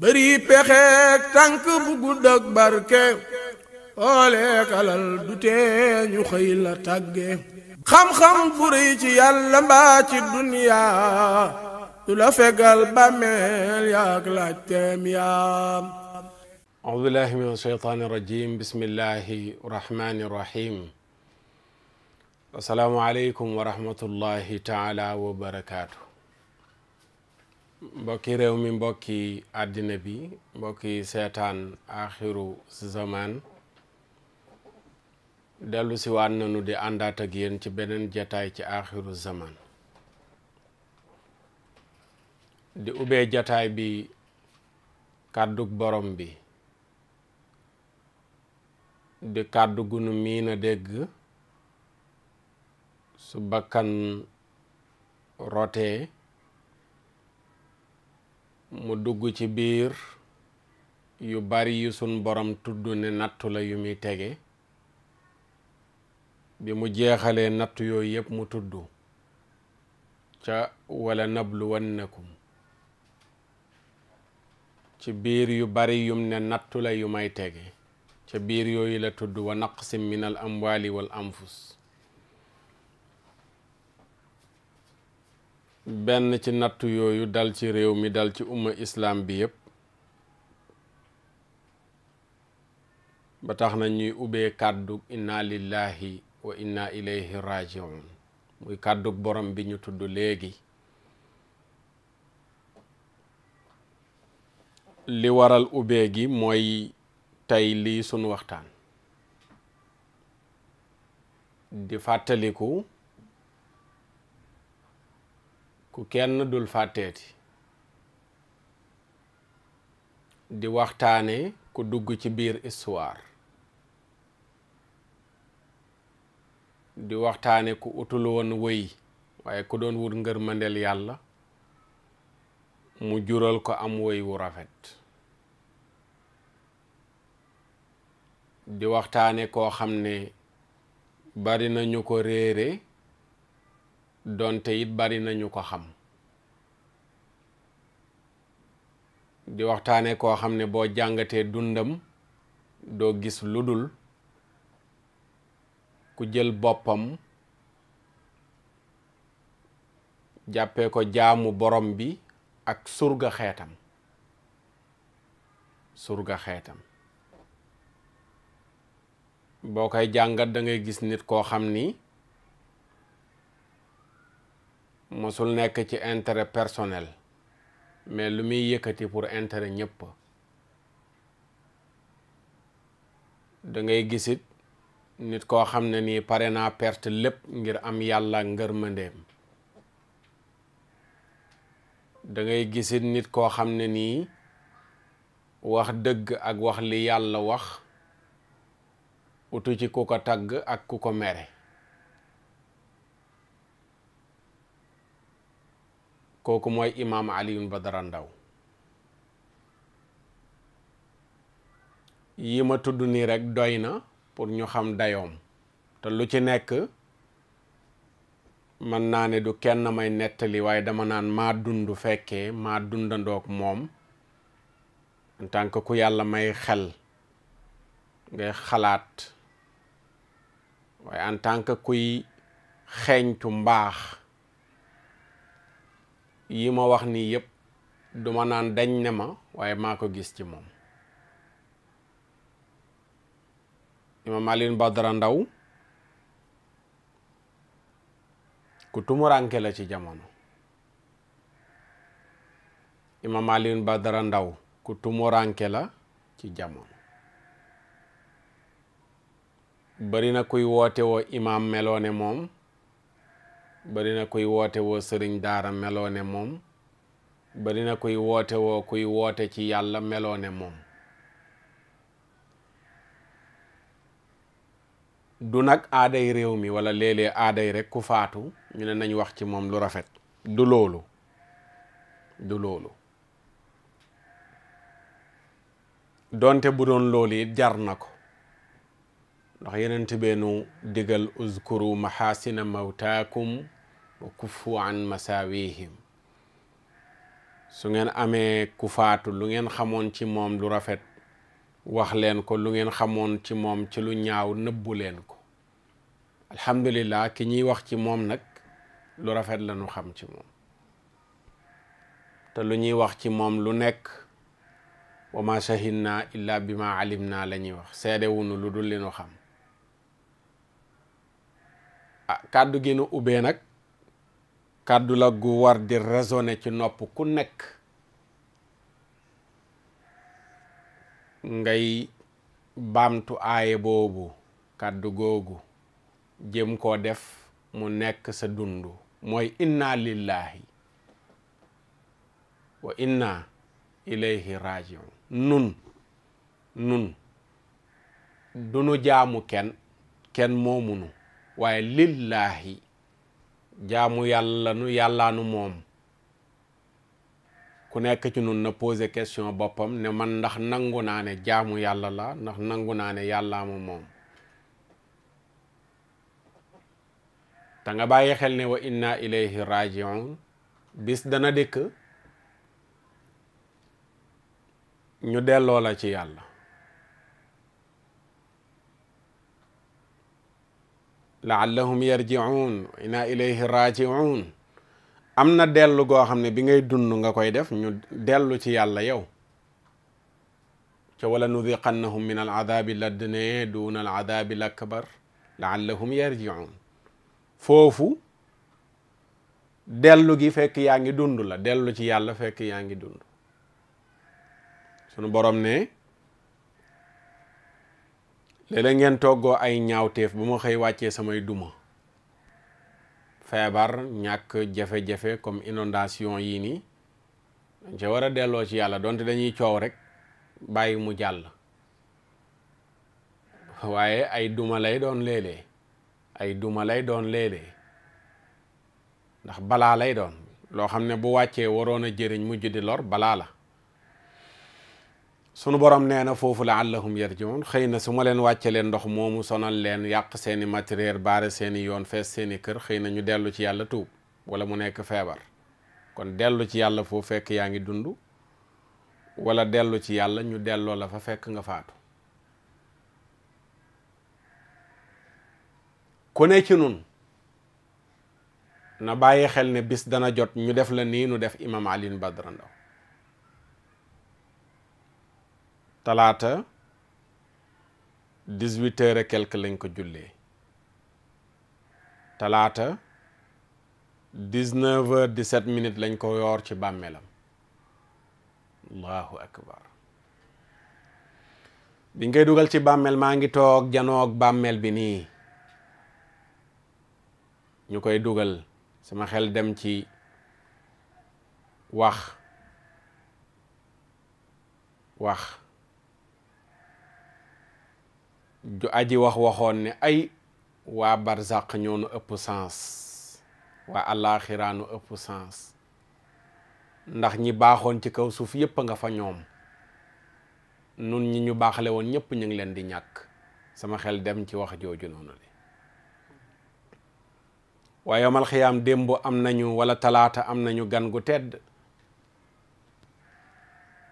bëri pexeek tànk bu gudd ak barke xooleek alal du tee ñu xëy la xam-xam bu ci yàlla mbaa ci duniyaa du la fegal bàmmeel yaak laajteem yaa audu billahi min asheytaan irrajim bismillahi rahmani irrahim asalaamu aleykum wa rahmatullahi taala wa barakaatu mbokki réew mi mbokki àddina bi mbokki seetaan axiru zaman dellu si waat nañu di àndaat ak ci beneen jataay ci axiru zaman di ubbee jataay bi kàddug borom bi di kàddu gunu miin dégg su bakkan rotee mu dugg ci biir yu bari yu sun borom tudd ne nattu la yu muy tege bi mu jeexalee nattu yooyu yépp mu tudd ca wala nabluwannakum ci biir yu bari yum ne nattu la yu may tege ca biir yooyu la tudd wa naq min al amwali anfus benn ci nattu yooyu dal ci réew mi dal ci umma islaam bi yépp ba tax na ñuy ubbee kàddug inna lillahi wa inna ilayhi rajiun muy kàddug borom bi ñu tudd léegi li waral ubbee gi mooy tey lii sunu waxtaan di fàttaliku ku kenn dul fàtteeti di waxtaane ku dugg ci biir histoire di waxtaane ku utul woon wëy waaye ku doon wut ngërmandel yàlla mu jural ko am wëy wu rafet di waxtaane koo xam ne bari na ñu ko réere doonte it bari nañu ko xam di waxtaane koo xam ne boo jàngatee dundam doo gis lu dul ku jël boppam jàppee ko jaamu borom bi ak surgaxeetam xeetam surga xeetam boo koy jàngat dangay gis nit koo xam ni mosul nekk ci intérêt personnel mais lu muy yëkkati pour intérêt ñëpp da ngay gisit nit koo xam ne nii pare naa perte lépp ngir am yàlla ngërmandeem da ngay gisit nit koo xam ne nii wax dëgg ak wax li yàlla wax wutu ci ku ko tàgg ak ku ko mere kooku mooy imaam ba dara Ndaw yi ma tudd nii rekk doy na pour ñu xam dayoom te lu ci nekk mën naa ne du kenn may nettali waaye dama naan maa dund fekkee maa dundandoog moom en ku yàlla may xel ngay xalaat waaye en tant que kuy xeeñtu mbaax yii ma wax nii yépp duma naan dañ ne ma waaye maa ko gis ci moom imaam Alioune Badara ndaw ku tumuranke la ci jamono imaam Alioune Badara Ndao ku la ci jamono bari na kuy woote woo imaam meloone moom bari na kuy woote woo sëriñ daara meloo ne moom bari na kuy woote woo kuy woote ci yàlla meloo ne moom du nag aaday réew mi wala léeg aada aaday rek ku faatu ñu ne nañ wax ci moom lu rafet du loolu du loolu donte bu doon loolu yi jar na ko ndax yeneen ti beenu digal uzkuru mahasina mawtaakum wa kufu an masaawihim su ngeen amee ku faatu lu ngeen xamoon ci moom lu rafet wax leen ko lu ngeen xamoon ci moom ci lu ñaaw nëbbu leen ko alhamdulillah ki ñuy wax ci moom nag lu rafet la ñu xam ci moom te lu ñuy wax ci moom lu nekk wa ma shahidna illa bi ma alim naa la ñuy wax seede wunu lu dul li nu xam ah kàddu gi nu ubbee nag kàddu la gu war di raisonner ci nopp ku nekk ngay baamtu aaye boobu kàddu googu jëm koo def mu nekk sa dundu mooy inna lillahi wa inna ilayhi rajiun nun nun dunu jaamu kenn kenn moomunu waaye lillahi jaamu yàlla nu nu moom ku nekk ci nun na pose question boppam ne man ndax nangu naa ne jaamu yàlla la ndax nangu naa ne yàllaa ma moom te nga bàyyi xel ne wa inna ilayhi rajiun bis dana dikk ñu delloo la ci yàlla laallahum yarjiun wa ilayhi rajiun am na dellu goo xam ne bi ngay dund nga koy def ñu dellu ci yàlla yow ca wala nudiqannahum min al adabi ladne duna al adabi akbar laallahum yarjiun foofu dellu gi fekk yaa ngi dund la dellu ci yàlla fekk yaa ngi dund sunu borom ne léeg ngeen toggoo ay ñaawteef bu ma xëy wàccee samay duma feebar ñàkk jafe-jafe comme inondation yii nii dañ ca war a delloo ci yàlla donte dañuy coow rek bàyyi mu jàll waaye ay duma lay doon léeg ay duma lay doon léeg ndax balaa lay doon loo xam ne bu wàccee waroon a jëriñ mujj di lor balaa la sunu borom nee na foofu laallahum yarjiun xëy na su ma leen wàccelee ndox moomu sonal leen yàq seeni matériel baare seeni yoon fees seeni kër xëy na ñu dellu ci yàlla tuub wala mu nekk feebar kon dellu ci yàlla foo fekk yaa ngi dund wala dellu ci yàlla ñu delloo la fa fekk nga faatu ku ne ci nun na bàyyi xel ne bis dana jot ñu def la nii nu def imam Alioune Badara Ndao talaata dix-huit heures lañ ko jullee talaata dix-neuf heures lañ ko yoor ci bàmmeelam allahu akbar bi ngay dugal ci bàmmeel maa ngi toog janoog bàmmeel bi nii ñu koy dugal sama xel dem ci wax wax ju aji wax waxoon ne ay waa barzaq ñoonu ëpp sens waa àllaaxiraanu ëpp sens ndax ñi baaxoon ci kaw suuf yépp nga fa ñoom nun ñi ñu baaxale woon ñépp ñu ngi leen di ñàkk sama xel dem ci wax jooju noonu li waaye yomal xiyaam démb am nañu walla talaata am nañu gan gu tedd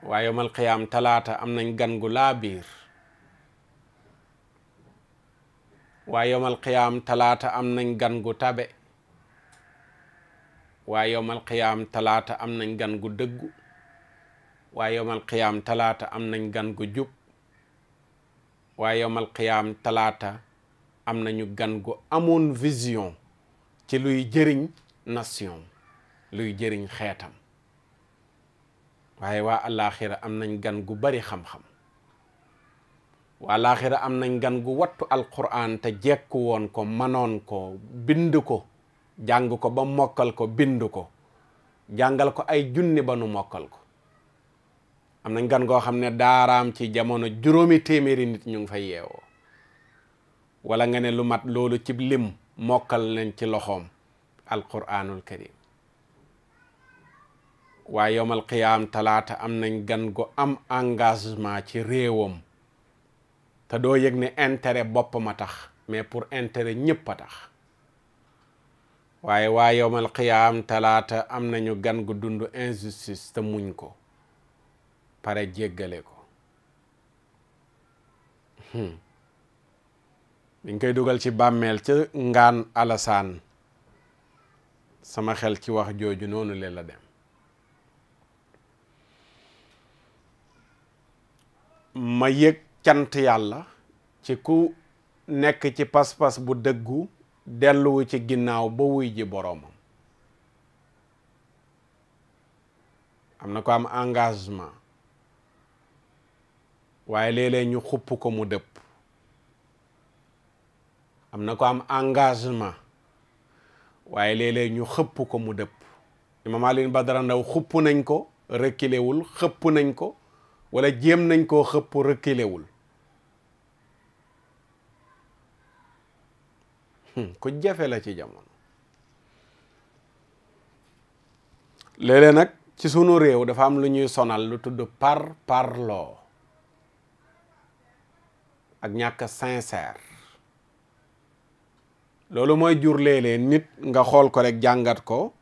waaye yomal xiyaam talaata am nañ gan gu laa biir waa yowmal qiyaam talaata am nañ gan gu tabe waa yowmal qiyaam talaata am nañ gan gu dëggu waa yowmal qiyaam talaata am nañ gan gu jub waa yowmal qiyaam talaata am nañu gan gu amoon vision ci luy jëriñ nation luy jëriñ xeetam waaye waa àllaaxira am nañ gan gu bari xam-xam walaaxira am nañ gan gu wattu alquran te jekku woon ko manoon ko bind ko jàng ko ba mokkal ko bind ko jàngal ko ay junni ba nu mokkal ko am nañ gan goo xam ne daaraam ci jamono juróomi téeméeri nit ñu ngi fay yeewoo wala nga ne lu mat loolu cib lim mokkal nañ ci loxoom alquranul karim waaye yowmal qiyaam talaata am nañ gan gu am engagement ci réewam te doo yëg ne intérêt boppam a tax mais pour intérêt ñëpp a tax waaye waa yowmal qiyaam talaata am nañu gan gu dund injustice te muñ ko pare jéggale ko hmm. dañ koy dugal ci bàmmeel ca ngaan alasaan sama xel ci wax jooju noonu leen la dem ma yëg cant yàlla ci ku nekk ci pas-pas bu dëggu delluwu ci ginnaaw ba wuy ji boroomam am na ko am engagement waaye léeg-léeg ñu xupp ko mu dëpp am na ko am engagement waaye léeg ñu xëpp ko mu dëpp Imam Alioune Badara Ndao xupp nañ ko reculewul xëpp nañ ko wala jéem nañ koo xëpp reculewul Hmm, ku jafe la ci jamono léeg nag ci sunu réew dafa am lu ñuy sonal lu tudd par parloo ak ñàkk sincère loolu mooy jur léeg nit nga xool ko rekk jàngat ko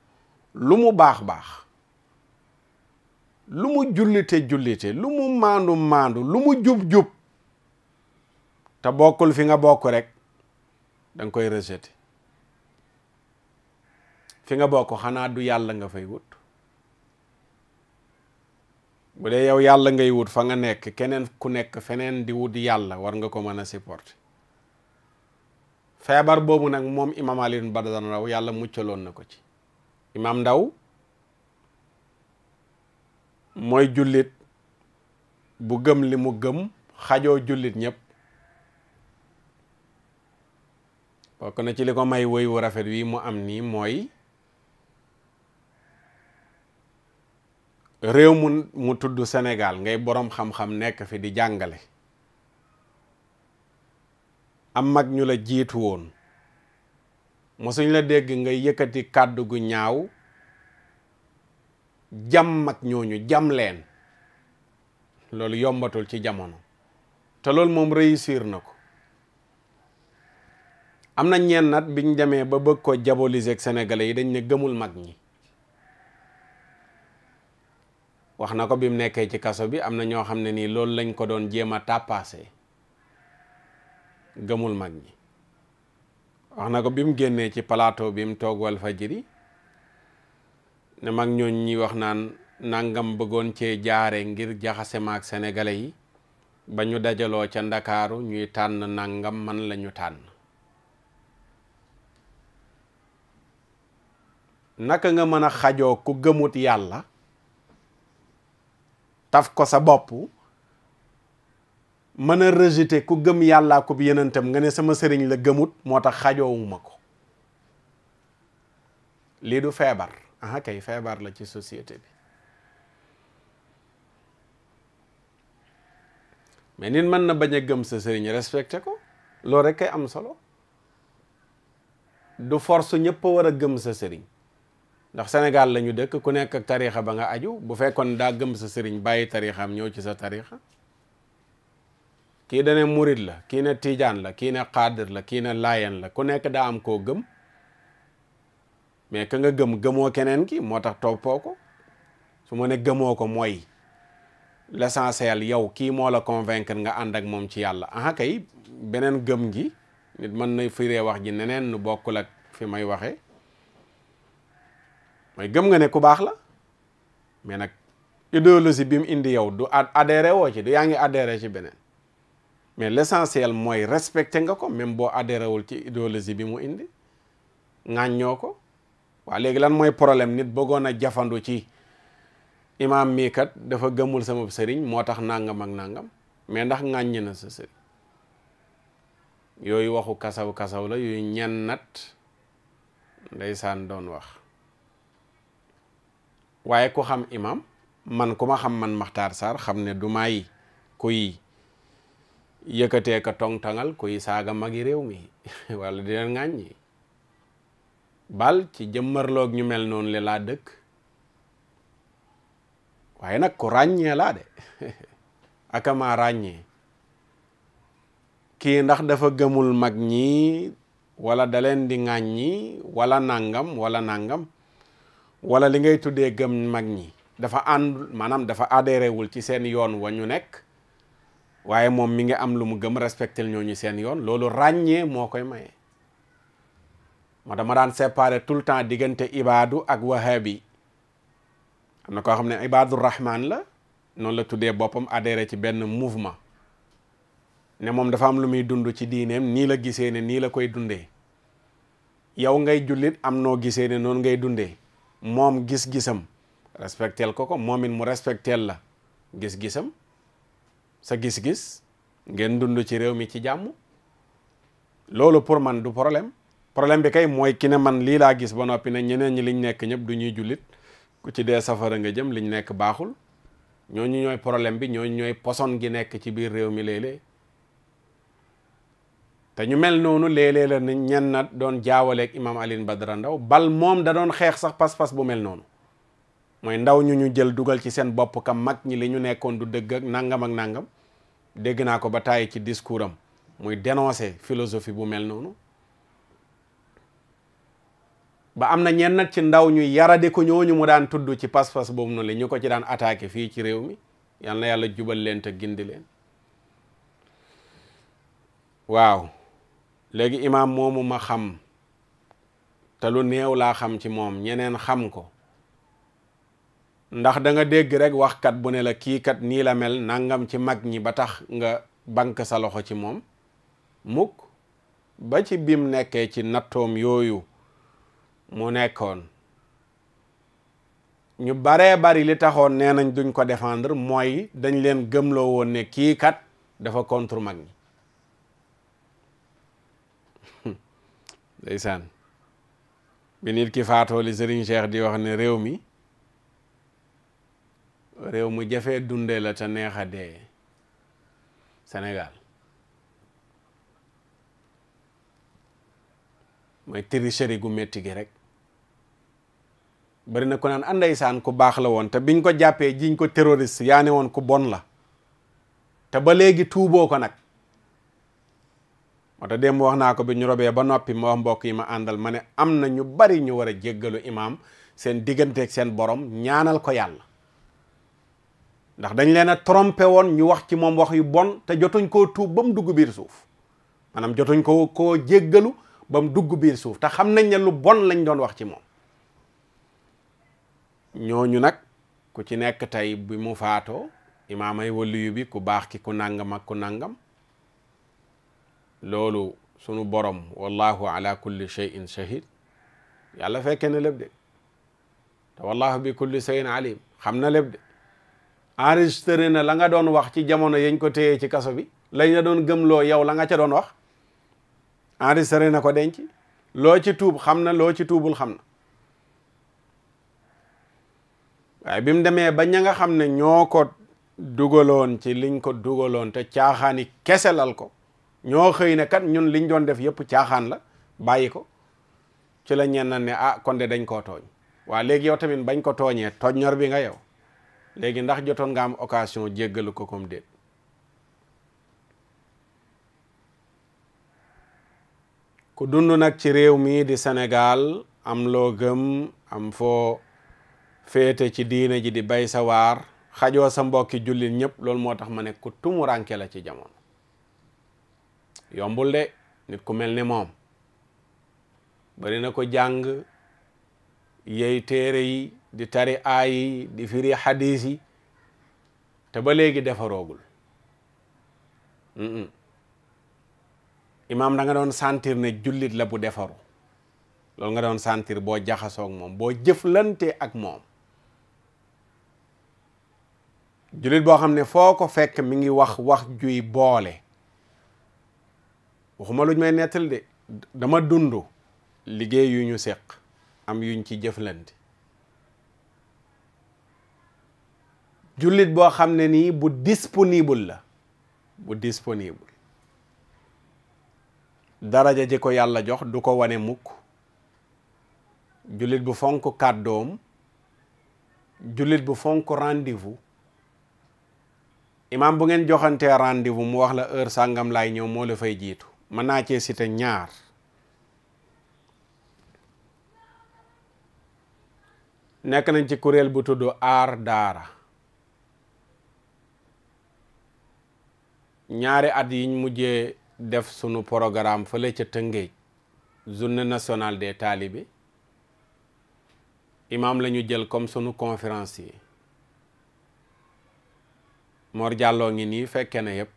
lu mu baax baax lu mu jullite jullite lu mu maandu maandu lu mu jub jub te bokkul fi nga bokk rek da nga koy rejeté fi nga bokk xanaa du yàlla nga fay wut bu dee yow yàlla ngay wut fa nga nekk keneen ku nekk feneen di wut yàlla war nga ko mën a supporter feebar boobu nag moom imam Alioune Badara Ndao yàlla muccaloon na ko ci imam ndaw mooy jullit bu gëm li mu gëm xajoo jullit ñëpp bokk na ci li ko may woy wu rafet wii mu am nii mooy réew mu mu tudd Sénégal ngay boroom xam-xam nekk fi di jàngale am mag ñu la jiitu woon mosuñ la dégg ngay yëkkati kàddu gu ñaaw jam mag ñooñu jam leen loolu yombatul ci jamono te loolu moom réussir na ko am na ñeen nat biñ demee ba bëgg ko diaboliser ak sénégalais yi dañ ne gëmul mag ñi wax na ko bi mu nekkee ci kaso bi am na ñoo xam ne nii loolu lañ ko doon jéem a tàppaase gëmul mag ñi wax na ko bi mu génnee ci palaato bi mu toog Walfadjri ne mag ñooñ ñi wax naan nangam bëggoon cee jaare ngir jaxase ma ak sénégalais yi ba ñu dajaloo ca ndakaaru ñuy tànn nangam man lañu tànn naka nga mën a xajoo ku gëmut yàlla taf ko sa bopp mën a rejeter ku gëm yàllaa ko yenentam nga ne sama sëriñ la gëmut moo tax xajoowuma ko lii du feebar aha kay feebar la ci société bi mais nit mën na bañ a gëm sa sëriñ respecté ko loolu rek ay am solo du force ñëpp war a gëm sa sëriñ ndax Sénégal la ñu dëkk ku nekk ak tarixa ba nga aju bu fekkoon daa gëm sa sëriñ bàyyi am ñëw ci sa tariixa kii dane murit la kii ne tiijaan la kii ne xaadir la kii na laayeen la ku nekk daa am koo gëm mais ka nga gëm gëmoo keneen ki moo tax toppoo ko su ma ne gëmoo ko mooy l'essentiel yow kii moo la convaincre nga ànd ak moom ci yàlla aha kay beneen gëm gi nit mën na firee wax ji neneen nu bokkul ak fi may waxee mooy gëm nga ne ku baax la mais nag idéologie bi mu indi yow du adhéré woo ci du yaa ngi adhéré ci beneen mais l'essentiel mooy respecté nga ko même boo adhéré wul ci idéologie bi mu indi ŋàññoo ko waa léegi lan mooy problème nit bëggoon a jafandu ci imaam mii kat dafa gëmul sama sëriñ moo tax nangam ak nangam mais ndax ŋàññi na sa sëriñ yooyu waxu kasaw kasaw la yu yooyu ñennat ndeysaan doon wax waaye ku xam imam man ku ma xam man Makhtar Sarr xam ne du may kuy yëkkatee ka tongtangal kuy saaga magi réew mi wala di leen ŋàññi bal ci jëmmarloog ñu mel noon le laa dëkk waaye nag ku ràññee laa de akamaa ràññee kii ndax dafa gëmul mag ñi wala da leen di ŋàññi wala nangam wala nangam wala li ngay tuddee gëm mag ñi dafa ànd maanaam dafa adhéré wul ci seen yoon wa ñu nekk waaye moom mi ngi am lu mu gëm respecté ñooñu seen yoon loolu ràññee moo koy maye. moo dama daan séparé tout le temps diggante ibaadu ak wahabi am na koo xam ne ibaadu rahman la noonu la tuddee boppam adhéré ci benn mouvement ne moom dafa am lu muy dund ci diineem nii la gisee ne nii la koy dundee yow ngay jullit am noo gisee ne noonu ngay dundee moom gis-gisam respectel ko ko moom it mu respectel la gis-gisam sa gis-gis ngeen dund ci réew mi ci jàmm loolu pour man du problème problème bi kay mooy ki ne man lii laa gis ba noppi ne ñeneen ñi liñ nekk ñëpp du ñuy jullit ku ci dee safara nga jëm liñ nekk baaxul ñooñu ñooy problème bi ñooñu ñooy poson gi nekk ci biir réew mi léeg-léeg te ñu mel noonu léeg-léeg la ñen doon jaawaleeg imaam Alioune Badara ndaw bal moom da doon xeex sax pas-pas bu mel noonu mooy ndaw ñu ñu jël dugal ci seen bopp kam mag ñi li ñu nekkoon du dëgg nangam ak nangam dégg naa ko ba tàyyi ci discours am muy dénoncer philosophie bu mel noonu ba am na ñenn ci ndaw ñu yarade ko ñooñu mu daan tudd ci pas-pas boobu noonu la ñu ko ci daan attaqué fii ci réew mi yal na yàlla jubal leen te gindi leen waaw léegi imaam moomu ma xam te lu néew laa xam ci moom ñeneen xam ko ndax danga nga dégg rek waxkat bu ne la kii kat nii la mel nangam ci mag ñi ba tax nga bank sa loxo ci moom mukk ba ci bim nekkee ci nattoom yooyu mu nekkoon ñu baree bari li taxoon nee nañ duñ ko defendre mooy dañ leen gëmloo woon ne kii kat dafa contre mag ñi ndeysaan bi nit ki faatoo li Serigne Cheikh di wax ne réew mi réew mu jafe dunde la te neex a dee Sénégal mooy tricherie gu metti gi rek bari na ko naan andaysaan ah, ku baax la woon te biñ ko jàppee jiñ ko terroriste yaa ne woon ku bon la te ba léegi tuuboo ko nag moo tax démb wax naa ko bi ñu robee ba noppi ma wax mbokk yi ma àndal ma ne am na ñu bari ñu war a jéggalu imaam seen digganteeg seen borom ñaanal ko yàlla ndax dañ leen a trompé woon ñu wax ci moom wax yu bon te jotuñ koo tuub ba mu dugg biir suuf maanaam jotuñ ko koo jéggalu ba dugg biir suuf te xam nañ ne lu bon lañ doon wax ci moom ñooñu nag ku ci nekk tey bi mu faatoo imaam ay waliyu bi ku baax ki ku nangam ak ku nangam loolu sunu borom wallahu ala kulli shay'in shahid yàlla fekkee na lépp de te wallahu bi kulli shay'in alim xam na lépp de enregistré na la nga doon wax ci jamono yañ ko téyee ci kaso bi lañ la doon gëmloo yow la nga ca doon wax enregistré na ko denc loo ci tuub xam na loo ci tuubul xam na waaye bi mu demee ba ña nga xam ne ñoo ko dugaloon ci liñ ko dugaloon te caaxaani keselal ko ñoo xëy na kat ñun liñ doon def yëpp caaxaan la bàyyi ko ci la ñenn ne ah kon de dañ koo tooñ waa léegi yow tamit bañ ko tooñee tooñ ñor bi nga yow léegi ndax jotoon nga am occasion jéggalu ko comme déet ku dund nag ci réew mii di Sénégal am loo gëm am foo féete ci diine ji di bay sa waar xajoo sa mbokki jullit ñëpp loolu moo tax ma ne ku tumuranke la ci jamono yombul de nit ku mel ni moom bari na ko jàng yey téere yi di tari aay yi di firi xadiis yi te ba léegi defaroogul imaam danga doon sentir ne jullit la bu defaru loolu nga doon sentir boo jaxasoo ak moom boo jëflante ak moom jullit boo xam ne foo ko fekk mi ngi wax wax juy boole waxuma luñ may nettali de dama dund liggéey yu ñu seq am yuñ ci jëflante jullit boo xam ne nii bu disponible la bu disponible daraja ji ko yàlla jox du ko wane mukk jullit bu fonk kàddoom jullit bu fonk rendez-vous imam bu ngeen joxantee rendez-vous mu wax la heure sàngam laay ñëw moo la fay jiitu mën naa cee cité ñaar nekk nañ ci kuréel bu tudd aar daara ñaari at yiñ mujjee def sunu programme fële ca Tëngéej journée nationale des talibés imam la ñu jël comme sunu yi Mor Jàlloo ngi nii fekkee na yépp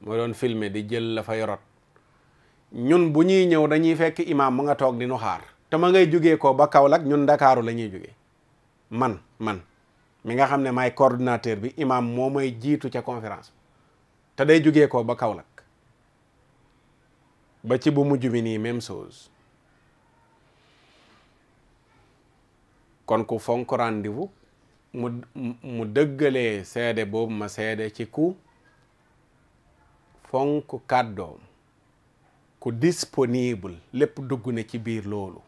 moo doon filmer di jël la fay rot ñun bu ñuy ñëw dañuy fekk imam mu nga toog di nu xaar te ma ngay jógee koo ba kaw Kaolack ñun ndakaaru la ñuy jugee man man mi nga xam ne maay coordinateur bi imaam moo may jiitu ca conférence te day jugee ko ba kaw Kaolack ba ci bu mujj bi nii même chose kon ku fonk rendez mu mu dëggalee seede boobu ma seede ci ku fonk kàddoom ku disponible lépp dugg na ci biir loolu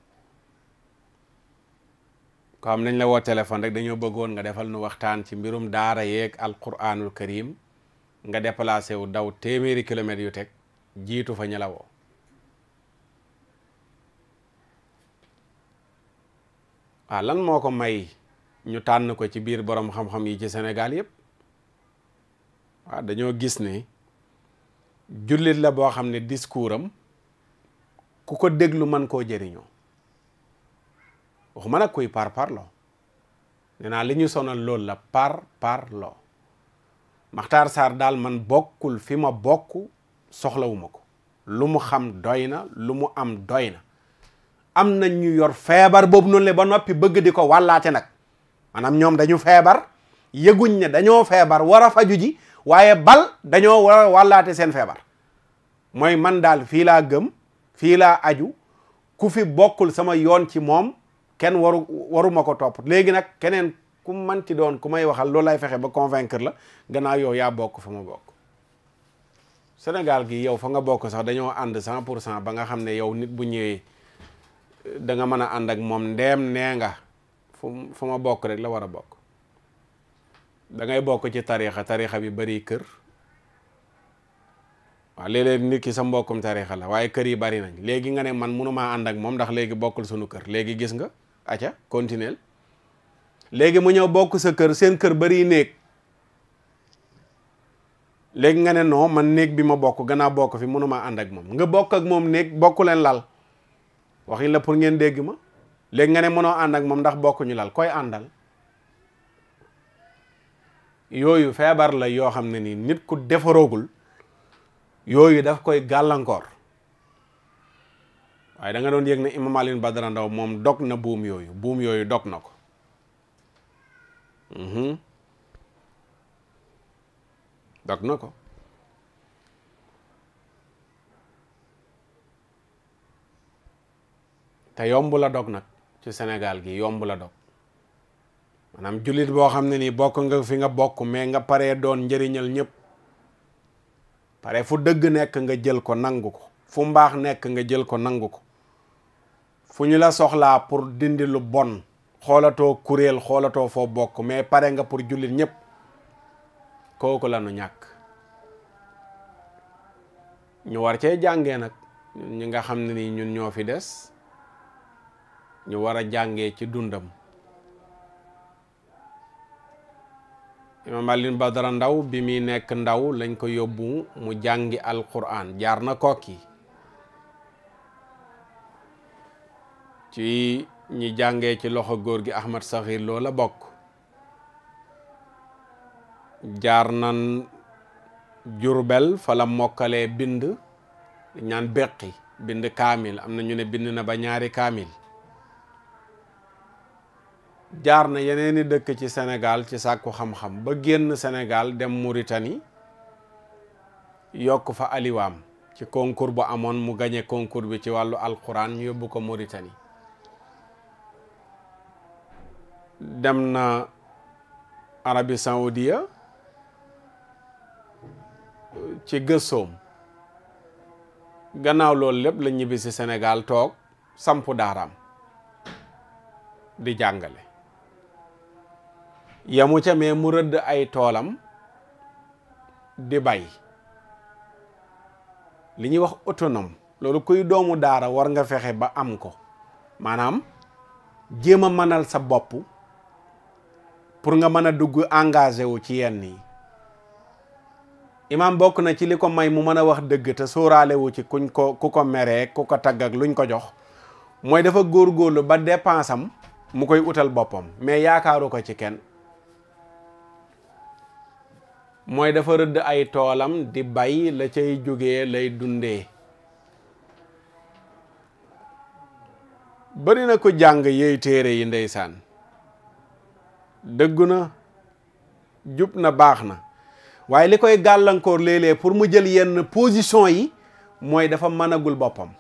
ko am nañ la woo téléphone rek dañoo bëggoon nga defal nu waxtaan ci mbirum daara yeeg alquranul karim nga déplacé wu daw téeméeri kilomètres yu teg jiitu fa ñu ah, lan moo ko may ñu tànn ko ci biir borom xam-xam yi ci Sénégal yëpp ah, dañoo gis ni jullit la boo xam ne discours am ku ko déglu man koo jëriñoo waxuma nag kuy par parloo nee naa li ñu sonal loolu la par parloo Maxtaar Sarr daal man bokkul fi ma bokk soxlawuma ko lu mu xam doy na lu mu am doy na am na ñu yor feebar boobu noonu le ba noppi bëgg di ko wàllaate nag maanaam ñoom dañu feebar yëguñ ne dañoo feebar war a faju ji waaye bal dañoo war a wàllaate seen feebar mooy man daal fii laa gëm fii laa aju ku fi bokkul sama yoon ci moom kenn waru waruma ko topp léegi nag keneen ku ci doon ku may waxal loolu lay fexe ba convaincre la gannaaw yow yaa bokk fa ma bokk Sénégal gi yow fa nga bokk sax dañoo ànd cent pour cent ba nga xam ne yow nit bu ñëwee danga nga mën a ànd ak moom ndeem nee nga fu ma bokk rek la war a bokk da ngay bokk ci tariixa tarixa bi bari kër waaw léeg-léeg nit ki sa mbokkum tariixa la waaye kër yi bari nañ léegi nga ne man mënumaa ànd ak moom ndax léegi bokkul sunu kër léegi gis nga acca continuel léegi mu ñëw bokk sa kër seen kër bari néeg léegi nga ne non man néeg bi ma bokk gannaaw bokk fi mënumaa ànd ak moom nga bokk ak moom néeg bokku leen lal waxin la pour ngeen dégg ma léegi nga ne mënoo ànd ak moom ndax bokkuñu lal koy àndal yooyu feebar la yoo xam ne ni nit ku defaroogul yooyu daf koy gàllankoor waaye danga doon yëg na imam Alioune Badara Ndao moom dog na buum yooyu buum yooyu dog na ko mhm. dog na ko te yomb la dog nag ci Sénégal gi yomb la dog maanaam jullit boo xam ne nii bokk nga fi nga bokk mais nga paree doon njëriñal ñëpp pare fu dëgg nekk nga jël ko nangu ko fu mbaax nekk nga jël ko nangu ko fu ñu la soxlaa pour dindi lu bon xoolatoo kuréel xoolatoo foo bokk mais pare nga pour jullit ñëpp kooku la nu ñàkk ñu war cee jànge nag ñun ñi nga xam ne nii ñun ñoo fi des ñu war a jàngee ci dundam imaam Alioune Badara Ndaw bi muy nekk ndaw lañ ko yóbbu mu jàngi alquran jaar na kokki ci ñi jàngee ci loxo góor gi Ahmad Saxiir loola bokk jaar na Jurbel fa la mokkalee bind ñaan beqi bind kaamil am na ñu ne bind na ba ñaari kaamil jaar na yeneeni dëkk ci senegaal ci sàkku xam-xam ba génn senegaal dem Mauritanie yokk fa aliwaam ci concours bu amoon mu gañe concours bi ci wàllu alquran ñu yóbbu ko Mauritanie dem na Arabie Saoudia ci gëstoom gannaaw loolu lépp la ñibbi si Sénégal toog sampu daaraam di jàngale yamu ca mais mu rëdd ay toolam di bay li ñuy wax autonome loolu kuy doomu daara war nga fexe ba am ko maanaam jéem a mënal sa bopp pour nga mën a dugg engagé wu ci yenn yi imam bokk na ci li ko may mu mën a wax dëgg te sóoraale ci kuñ ko ku ko meree ku ko tagg ak luñ ko jox mooy dafa góor góorlu ba dépensam mu koy utal boppam mais yaakaaru ko ci kenn mooy dafa rëdd ay toolam di bay la cay jógee lay dundee bari na ko jàng yey téere yi ndeysaan dëggu na jub na baax na waaye li koy gàllankoor léeg-léeg pour mu jël yenn position yi mooy dafa mënagul boppam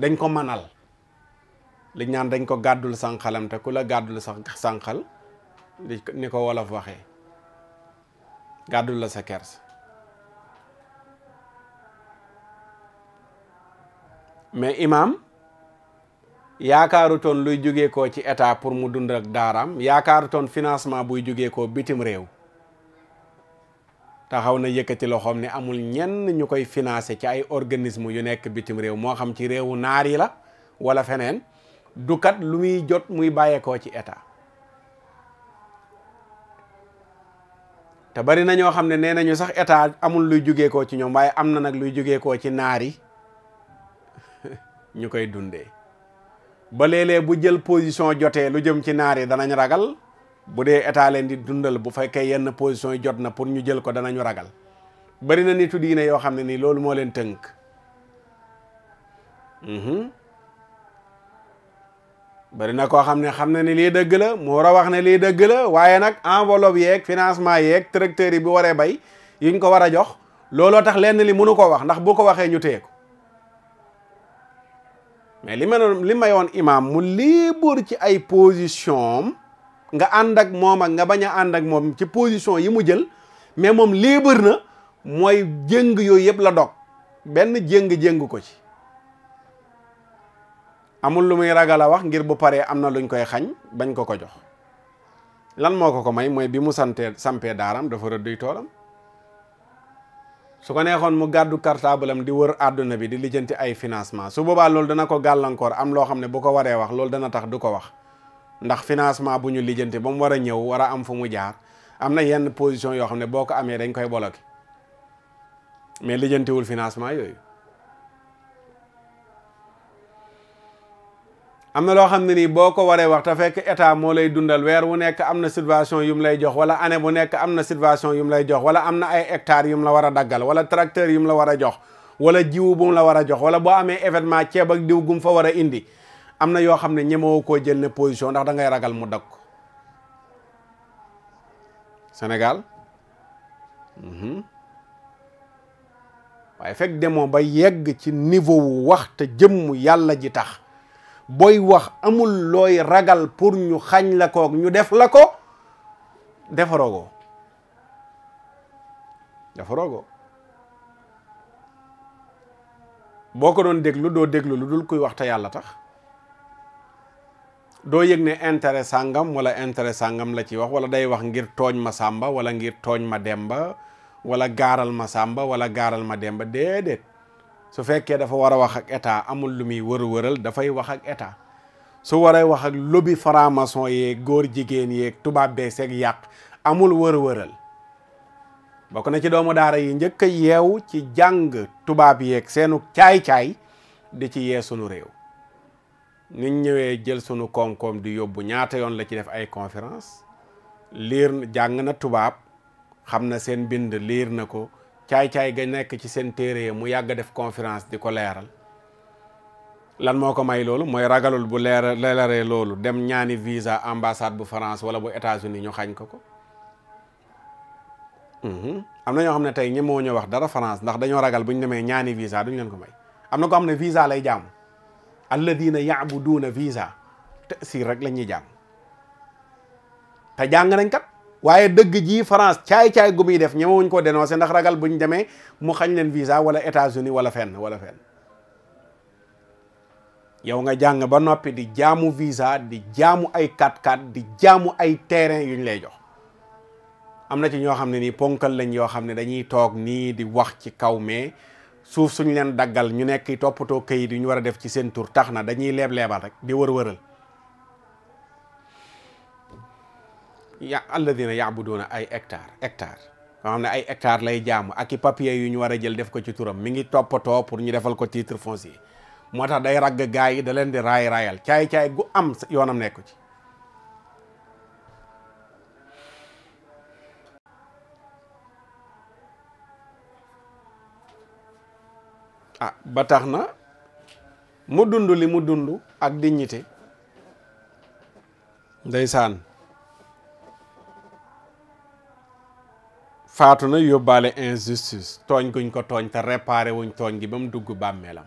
dañ ko mënal li ñaan dañ ko gàddul sànqalam te ku la gàddul sax sànqal ni ko wolof waxee gàddul la sa kersa mais imam yaakaarutoon luy ko ci état pour mu dund ak daaraam yaakaarutoon financement buy jógeekoo bitim réew taxaw na yëkkati loxoom ni amul ñenn ñu koy financé ci ay organisme yu nekk bitim réew moo xam ci réewu naar yi la wala feneen du kat lu muy jot muy bàyyeekoo ci état te bari na ñoo xam ne nee nañu sax état amul luy koo ci ñoom waaye am na nag luy koo ci naar yi ñu koy dundee ba léeg-léeg bu jël position jotee lu jëm ci naar yi danañ ragal bu dee état leen di dundal bu fekkee yenn position yi jot na pour ñu jël ko danañu ragal bari na nitu diine yoo xam ne nii loolu moo leen tënk. Mhm. bari na koo xam ne xam na ne lii dëgg la mu war a wax ne lii dëgg la waaye nag enveloppe yeeg financement yeeg tracteurs yi bu waree bay yi yiñ ko war a jox looloo tax lenn li mënu ko wax ndax bu ko waxee ñu téye mais li ma li mayoon imaam mu libre ci ay position nga ànd ak moom ak nga bañ a ànd ak moom ci position yi mu jël mais moom libre na mooy jëng yooyu yëpp la dog benn jëng-jëng ko ci amul lu muy ragal a wax ngir bu paree am na luñ koy xañ bañ ko ko jox lan moo ko ko may mooy bi mu sante sampee daaram dafa rëdduy toolam su ko neexoon mu gàddu cartable am di wër àdduna bi di lijjanti ay financement su boobaa loolu dana ko gàllankoor am loo xam ne bu ko waree wax loolu dana tax du ko wax ndax financement bu ñu lijjanti ba mu war a ñëw war a am fu mu jaar am na yenn position yoo xam ne boo ko amee dañ koy bloqué mais lijjantiwul financement yooyu am na loo xam ne nii boo ko waree wax te fekk état moo lay dundal weer wu nekk am na subvention yu mu lay jox wala année bu nekk am na subvention yu mu lay jox wala am na ay hectares yu mu la war a daggal wala tracteur yu mu la war a jox wala jiwu bu la war a jox wala boo amee événement ceebak ak diw gum fa war a indi am na yoo xam ne ñemewoo koo jël ne position ndax da ngay ragal mu dagg Sénégal mhm. waaye fekk demoo ba yegg ci niveau wu wax te jëmm yàlla ji tax booy wax amul looy ragal pour ñu xañ la kook ñu def la ko defaroo ko defaroo boo ko doon déglu doo déglu lu dul kuy wax te yàlla tax doo yëg ne intérêt sàngam wala intérêt sàngam la ci wax wala day wax ngir tooñ ma sàmba wala ngir tooñ ma demba wala gaaral ma sàmba wala gaaral ma demba déedéet su fekkee dafa war a wax ak état amul lu muy wër dafay wax ak état su waree wax ak lobby franc-maçon góor jigéen yeeg tubaab bee seek yàq amul wër-wëral bokk na ci doomu daara yi njëkk a yeewu ci jàng tubaab yeeg seenu caay-caay di ci yee sunu réew nit ñëwee jël sunu koom-koom di yóbbu ñaata yoon la ci def ay conférence liir jàng na tubaab xam na seen bind liir na ko caay-caay ga nekk ci seen téere yi mu yàgg def confirence di ko leeral lan moo ko may loolu mooy ragalul bu leer leeraree loolu dem ñaani visa ambassade bu France wala bu États-Unis ñu xañ ko ko mhm. am na ñoo xam ne tey ñemoo ñu wax dara France ndax dañoo ragal bu ñu demee ñaani visa duñ leen ko may am na ko xam ne visa lay jaamu alladina yaabuduuna visa te si rek la ñuy jaam te jàng nañ kat waaye dëgg ji France caay-caay gu muy def ñemewuñ ko dénoncé ndax ragal bu ñu demee mu xañ leen visa wala États-Unis wala fenn wala fenn yow nga jàng ba noppi di jaamu visa di jaamu ay 4 x di jaamu ay terrain yuñ lay jox am na ci ñoo xam ne nii ponkal lañ yoo xam ne dañuy toog nii di wax ci kaw mais suuf suñ leen daggal ñu nekk toppatoo këyit yi ñu war a def ci seen tur tax na dañuy leeb leebal rek di wër-wëral ya alladina yaabuduuna ay hectare hectare nga xam ne ay hectare lay jaamu ak i papier yu ñu war a jël def ko ci turam mu ngi toppatoo pour ñu defal ko tiitre titre foncier moo tax day ragg gaay yi da leen di raay raayal caay caay gu am yoonam nekku ci ah ba tax na mu dund li mu dund ak dignité ndeysaan faatu na yóbbaale injustice tooñ guñ ko tooñ te réparé wuñ tooñ gi ba mu dugg bàmmeelam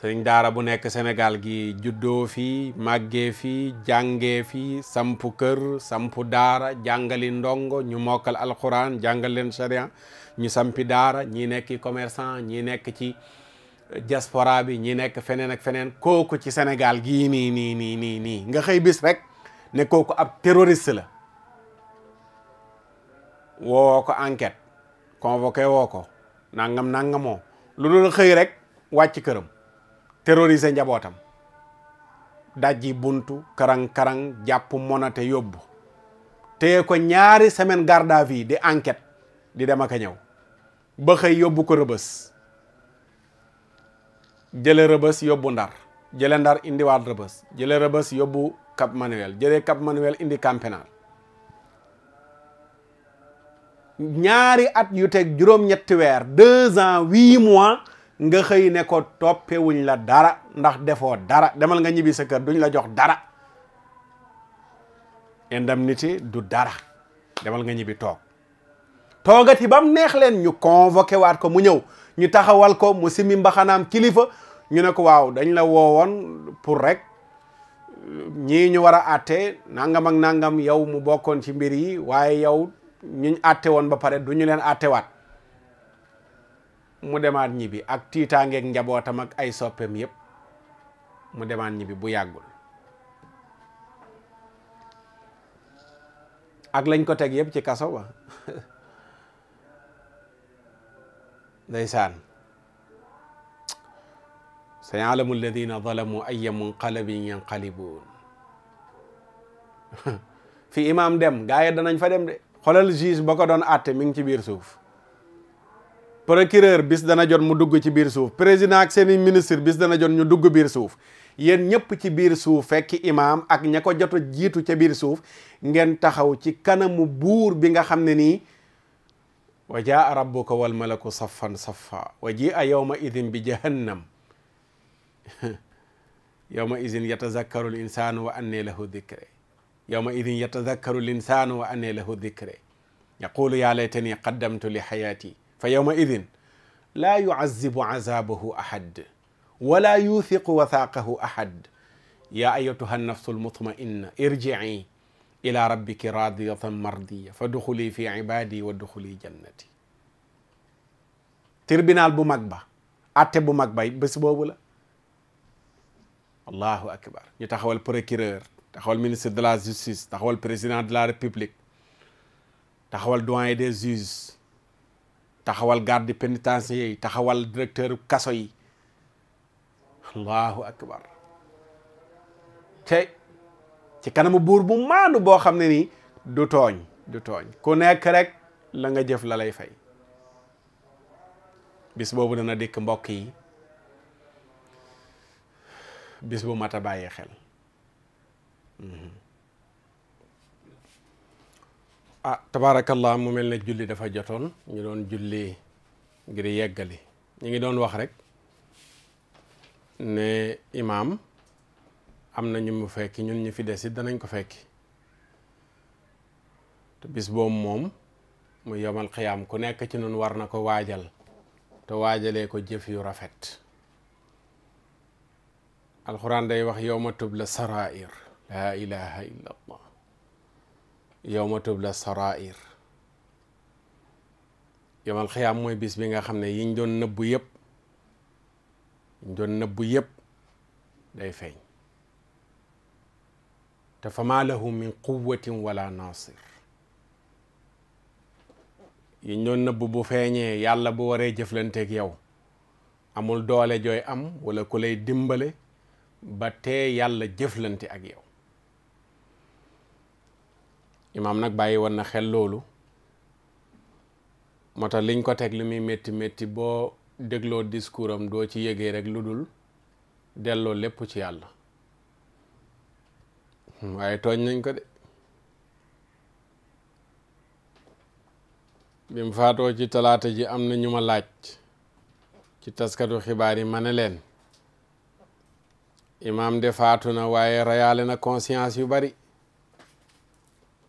sëriñ daara bu nekk Sénégal gi juddoo fii màggee fii jàngee fii sampu kër sampu daara jàngali ndongo ñu mokkal alxuraan jàngal leen sharia ñu sampi daara ñi nekk commercant ñi nekk ci diaspora bi ñi nekk feneen ak feneen kooku ci Sénégal gi nii nii nii nii nii nga xëy bis rek ne ab terroriste la woowoo ko enquête convoqué woo ko nangam nangamoo lu dul xëy rek wàcc këram terroriser njabootam dajji buntu karang-karang jàpp monate yóbbu téye ko ñaari semaine garde à vue di enquête di dem ak a ñëw ba xëy yóbbu ko rëbës jële rëbës yóbbu ndar jële ndar indiwaat rëbës jële rëbës yóbbu Cap Manuel jële Cap Manuel indi camp pénal ñaari at yu teg juróom-ñetti weer deux ans huit mois nga xëy ne ko toppewuñ la dara ndax defoo dara demal nga ñibbi sa kër duñ la jox dara indemnité du dara demal nga ñibbi toog toogati bam neex leen ñu convoqué waat ko mu ñëw ñu taxawal ko mu simi mbaxanaam kilifa ñu ne ko waaw dañ la woowoon pour rek ñii ñu war a àtte nangam ak nangam yow mu bokkoon ci mbir yi waaye yow ñuñ àtte woon ba pare duñu ñu leen àttewaat mu demaat ñibi ak tiitaangeeg njabootam ak ay soppeem yépp mu demaat ñibbi bu yàggul ak lañ ko teg yépp ci kaso ba ndeysaan sa yaalamu alladina zalamu ayya munqalabin yanqalibun fi imam dem gaa yi danañ fa dem de xoolal juge ba ko doon àtte mi ngi ci biir suuf procureur bis dana jot mu dugg ci biir suuf président ak seeni ministre bis dana jot ñu dugg biir suuf yéen ñëpp ci biir suuf fekk imaam ak ña ko jot jiitu ca biir suuf ngeen taxaw ci kanamu buur bi nga xam ne nii wa jaa rabbuka wal malaku saffan saffa wa ji a yawma idin bi jahannam yawma idin yatazakkaru l insanu wa anne lahu dikre yawma idin yatadakkaru linsaanu wa annaa lahu dikre yaqulu yaa laytani qaddamtu li xayaati fa yawma idin laa yuazzibu azaabahu ahad wala yuuthiqu wathaaqahu ahad yaa ayatuha nafsu almutma'inna irji'i ila rabbiki raadiyatan mardiya fa duxuli fi ibaadi wa duxuli jannati tribunal bu mag ba atte bu mag bay bés boobu la allahu akbar ñu taxawal procureur taxawal ministre de la justice taxawal président de la république taxawal doyen des juges taxawal garde pénitentiaire yi taxawal directeur kaso yi allahu akbar te ci kanamu buur bu maandu boo xam ne ni du tooñ du tooñ ku nekk rek la nga jëf la lay fay bis boobu dana dikk mbokk yi bis bu mat a bàyyi xel Mm-hmm. ah tabaarakallah mu mel ne julli dafa jotoon ñu doon julli ngir yeggali ñu ngi doon wax rek ne imaam am na ñu mu fekki ñun ñu fi des it danañ ko fekki te bis boobu moom mu yomal xiyaam ku nekk ci nun war na ko waajal te waajalee ko jëf yu rafet alxuraan day wax yowma tub la sarair laa ilaha illa allah yowma tubla sarair yowmal xiyaam mooy bis bi nga xam ne yiñ doon nëbb yëpp yiñ doon nëbbu yëpp day feeñ te fama lahu min quwatin wala nasir yiñ doon nëbbu bu feeñee yàlla bu waree jëflanteeg yow amul doole jooy am wala ku lay dimbale ba te yàlla jëflanti ak yow imaam nag bàyyi woon na xel loolu moo tax liñ ko teg lu muy metti métti boo dégloo discours am doo ci yëgee rek lu dul delloo lépp ci yàlla waaye tooñ nañ ko de bi faatoo ci talaata ji am na ñu ma laaj ci taskatu xibaar yi ma ne leen imaam de faatu na waaye rayaale na conscience yu bari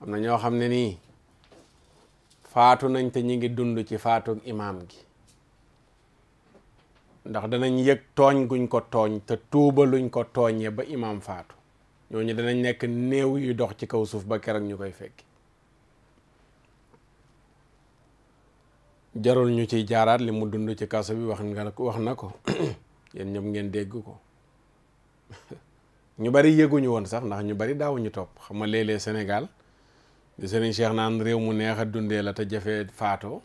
am na ñoo xam ne nii faatu nañ te ñu ngi dund ci faatu imaam gi ndax danañ yëg tooñ guñ ko tooñ te tuuba luñ ko tooñee ba imaam faatu ñooñu danañ nekk néew yu dox ci kaw suuf ba keroog ñu koy fekki jarul ñu ci jaaraat li mu dund ci kaso bi wax nga wax na ko yéen ñëpp ngeen dégg ko ñu bari yëguñu woon sax ndax ñu bari daawuñu topp xam nga léeg-léeg li sëriñ Cheikh naan réew mu neex a dundee la te jafee faatoo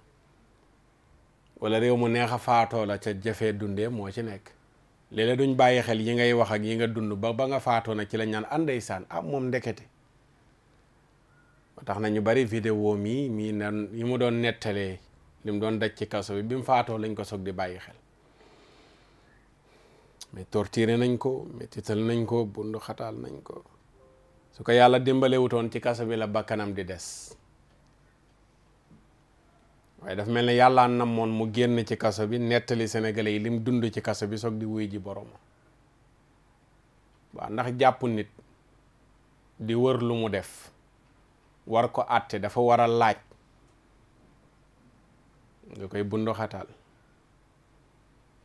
wala réew mu neex a faatoo la ca jafe dundee moo ci nekk léeg-léeg duñ bàyyi xel yi ngay wax ak yi nga dund ba ba nga faatoo nag ci lañ ñaan ànday ah, saan ah moom ndekete tax na ñu bari vidéo mii mii nan yi mu doon nettalee li mu doon daj ci kaso bi bi mu faatoo lañ ko soog di bàyyi xel mais torturé nañ ko mettital nañ ko bundu nañ ko su ko yàlla dimbale wutoon ci kaso bi la bakkanam di des waaye daf mel ne yàlla namoon mu génn ci kaso bi nettali sénégalais yi lim dund ci kaso bi soog di wuy ji borom waaw ndax jàpp nit di wër lu mu def war ko àtte dafa war laaj nga koy bundu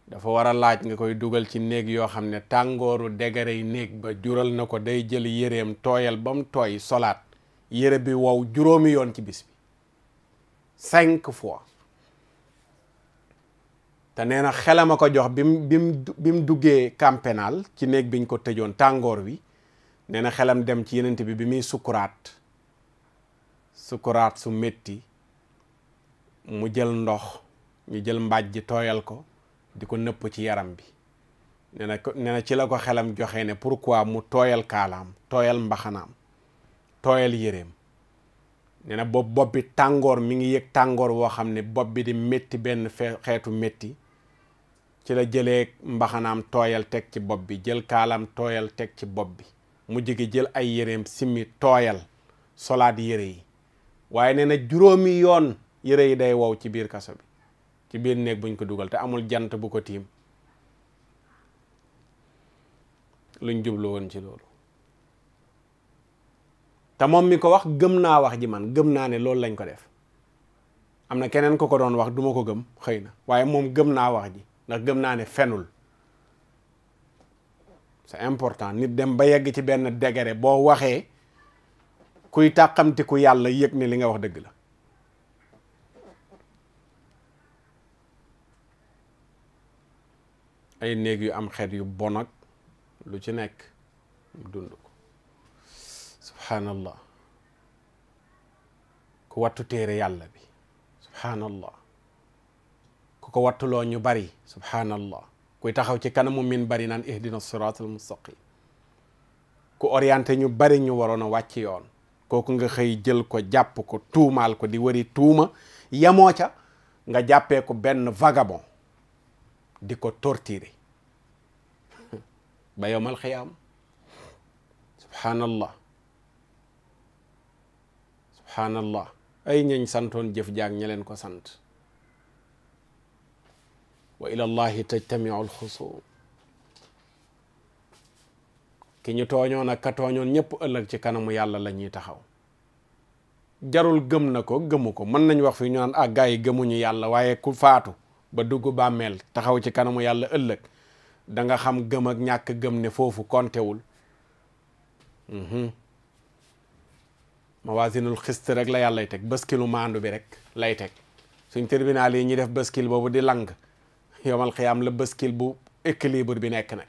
dafa war a laaj nga koy dugal ci néeg yoo xam ne tàngooru degare yi néeg ba jural na ko day jël yéreem tooyal ba mu tooy solaat yére bi wow juróomi yoon ci bis bi cinq fois te nee na xelam a ko jox bi mu duggee camp ci néeg biñ ko tëjoon tàngoor wi neena na xelam dem ci yenent bi bi muy sukuraat sukuraat su metti mu jël ndox ñu jël mbaaj ji tooyal ko di ko nëpp ci yaram bi nee na ko nee ci la ko xelam joxe ne pourquoi mu tooyal kaalaam tooyal mbaxanaam tooyal yéreem nee na boobu tàngoor mi ngi yëg tàngoor woo xam ne bopp bi di métti benn xeetu metti ci la jëlee mbaxanaam tooyal teg ci bopp bi jël kaalaam tooyal teg ci bopp bi mujj gi jël ay yéreem simmi tooyal solaat yére yi waaye nee na juróomi yoon yére yi day wow ci biir kaso bi ci biir néeg buñ ko dugal te amul jant bu ko tiim luñ jublu woon ci loolu te moom mi ko wax gëm naa wax ji man gëm naa ne loolu lañ ko def am na keneen ku ko doon wax duma ko gëm xëy na waaye moom gëm naa wax ji ndax gëm naa ne fenul c'est important nit dem ba yegg ci benn degré boo waxee kuy tàqamti ku yàlla yëg ne li nga wax dëgg la ay néeg yu am xeet yu bon lu ci nekk mu dund ko subhaanallah ku wattu téere yàlla bi subhaanallah ku ko wattuloo ñu bari subhaanallah kuy taxaw ci kanamu min bari naan ihdina siraatal mustaqim ku orienté ñu bari ñu waroon a wàcc yoon kooku nga xëy jël ko jàpp ko tuumaal ko di wëri tuuma yamoo ca nga jàppee ko benn vagabond di ko torturer ba yowmal xiyaam subhaanallah subhaanallah ay ñañ santoon jëf jaag ña ko sant wa ilallahi tajtamiu alxusum ki ñu tooñoon ak ka tooñoon ñëpp ëllëg ci kanamu yàlla la ñuy taxaw jarul gëm na ko gëmu ko mën nañ wax fi ñu naan ak ah, gaa yi gëmuñu yàlla waaye ku faatu ba dugg bàmmeel taxaw ci kanamu yàlla ëllëg danga xam gëm ak ñàkk gëm ne foofu kontewul mhm. mawasinul xist rek la yàllay teg bëskilu maandu bi rek lay teg suñ tribunal yi ñuy def bëskil boobu di lang yomal am la bëskil bu équilibre bi nekk nag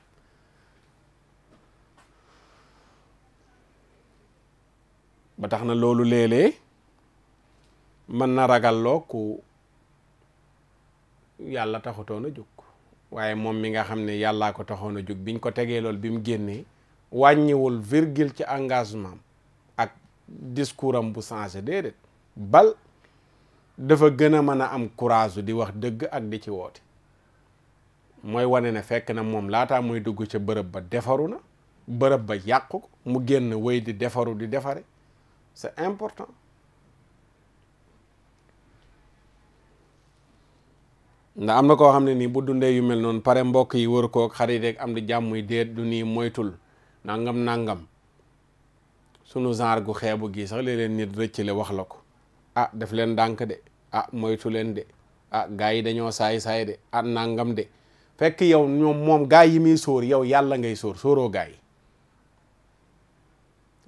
ba tax na loolu léeg mën na ragalloo ku yàlla taxutoon a jóg waaye moom mi nga xam ne yàllaa ko taxoon a jóg biñ ko tegee lool bi mu génnee wàññiwul virgil ci engagement ak discours am bu changé déedéet bal dafa gën a mën a am courage di wax dëgg ak di ci woote mooy wane ne fekk na moom laataa muy dugg ca bërëb ba defaru na bërëb ba yàqu mu génn wéy di defaru di defare c'est important ndax am na koo xam ne nii bu dundee yu mel noonu pare mbokk yi wër koog xarit am di jàmmuy déet du nii moytul nangam nangam sunu genre gu xeebu gii sax léeg leen nit rëccale wax la ko ah def leen ndànk de ah moytu leen de ah gars yi dañoo saay saay de ah nangam de fekk yow ñoom moom gars yi muy sóor yow yàlla ngay sóor sóoroo gaa yi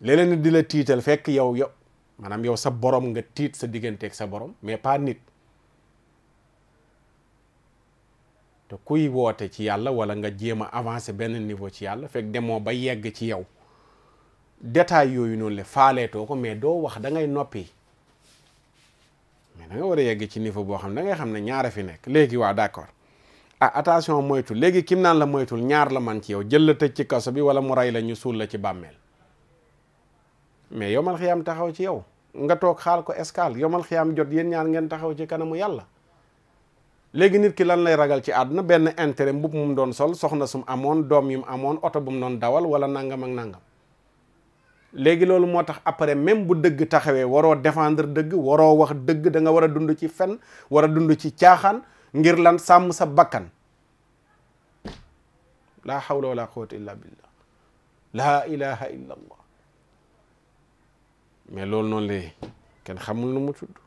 léeg nit di la tiital fekk yow yow maanaam yow sa borom nga tiit sa digganteek sa borom mais pas nit te kuy woote ci yàlla wala nga jéem a avancer benn niveau ci yàlla fekk demoo ba yegg ci yow détail yooyu noonu la faaleetoo ko mais doo wax da ngay noppi mais da nga war a yegg ci niveau boo xam ne da ngay xam ne ñaara fi nekk léegi waa d'accord ah attention moytu léegi kim naan la moytul ñaar la man ci yow jël la tëj ci kaso bi wala mu ray la ñu suul la ci bàmmeel mais yomal xiyaam taxaw ci yow nga toog xaal ko escale yomal xiyaam jot yéen ñaar ngeen taxaw ci kanamu yàlla léegi nit ki lan lay ragal ci àdduna benn intérêt mbubb mu doon sol soxna sum amoon doom yum amoon oto bu mu doon dawal wala nangam ak nangam léegi loolu moo tax après même bu dëgg taxawee waroo défendre dëgg waroo wax dëgg danga nga war a dund ci fen wara dund ci caaxaan ngir lan sàmm sa bakkan laa hawla wala quwwata illa billah laa ilaha illa allah loolu noonu la kenn xamul nu mu tudd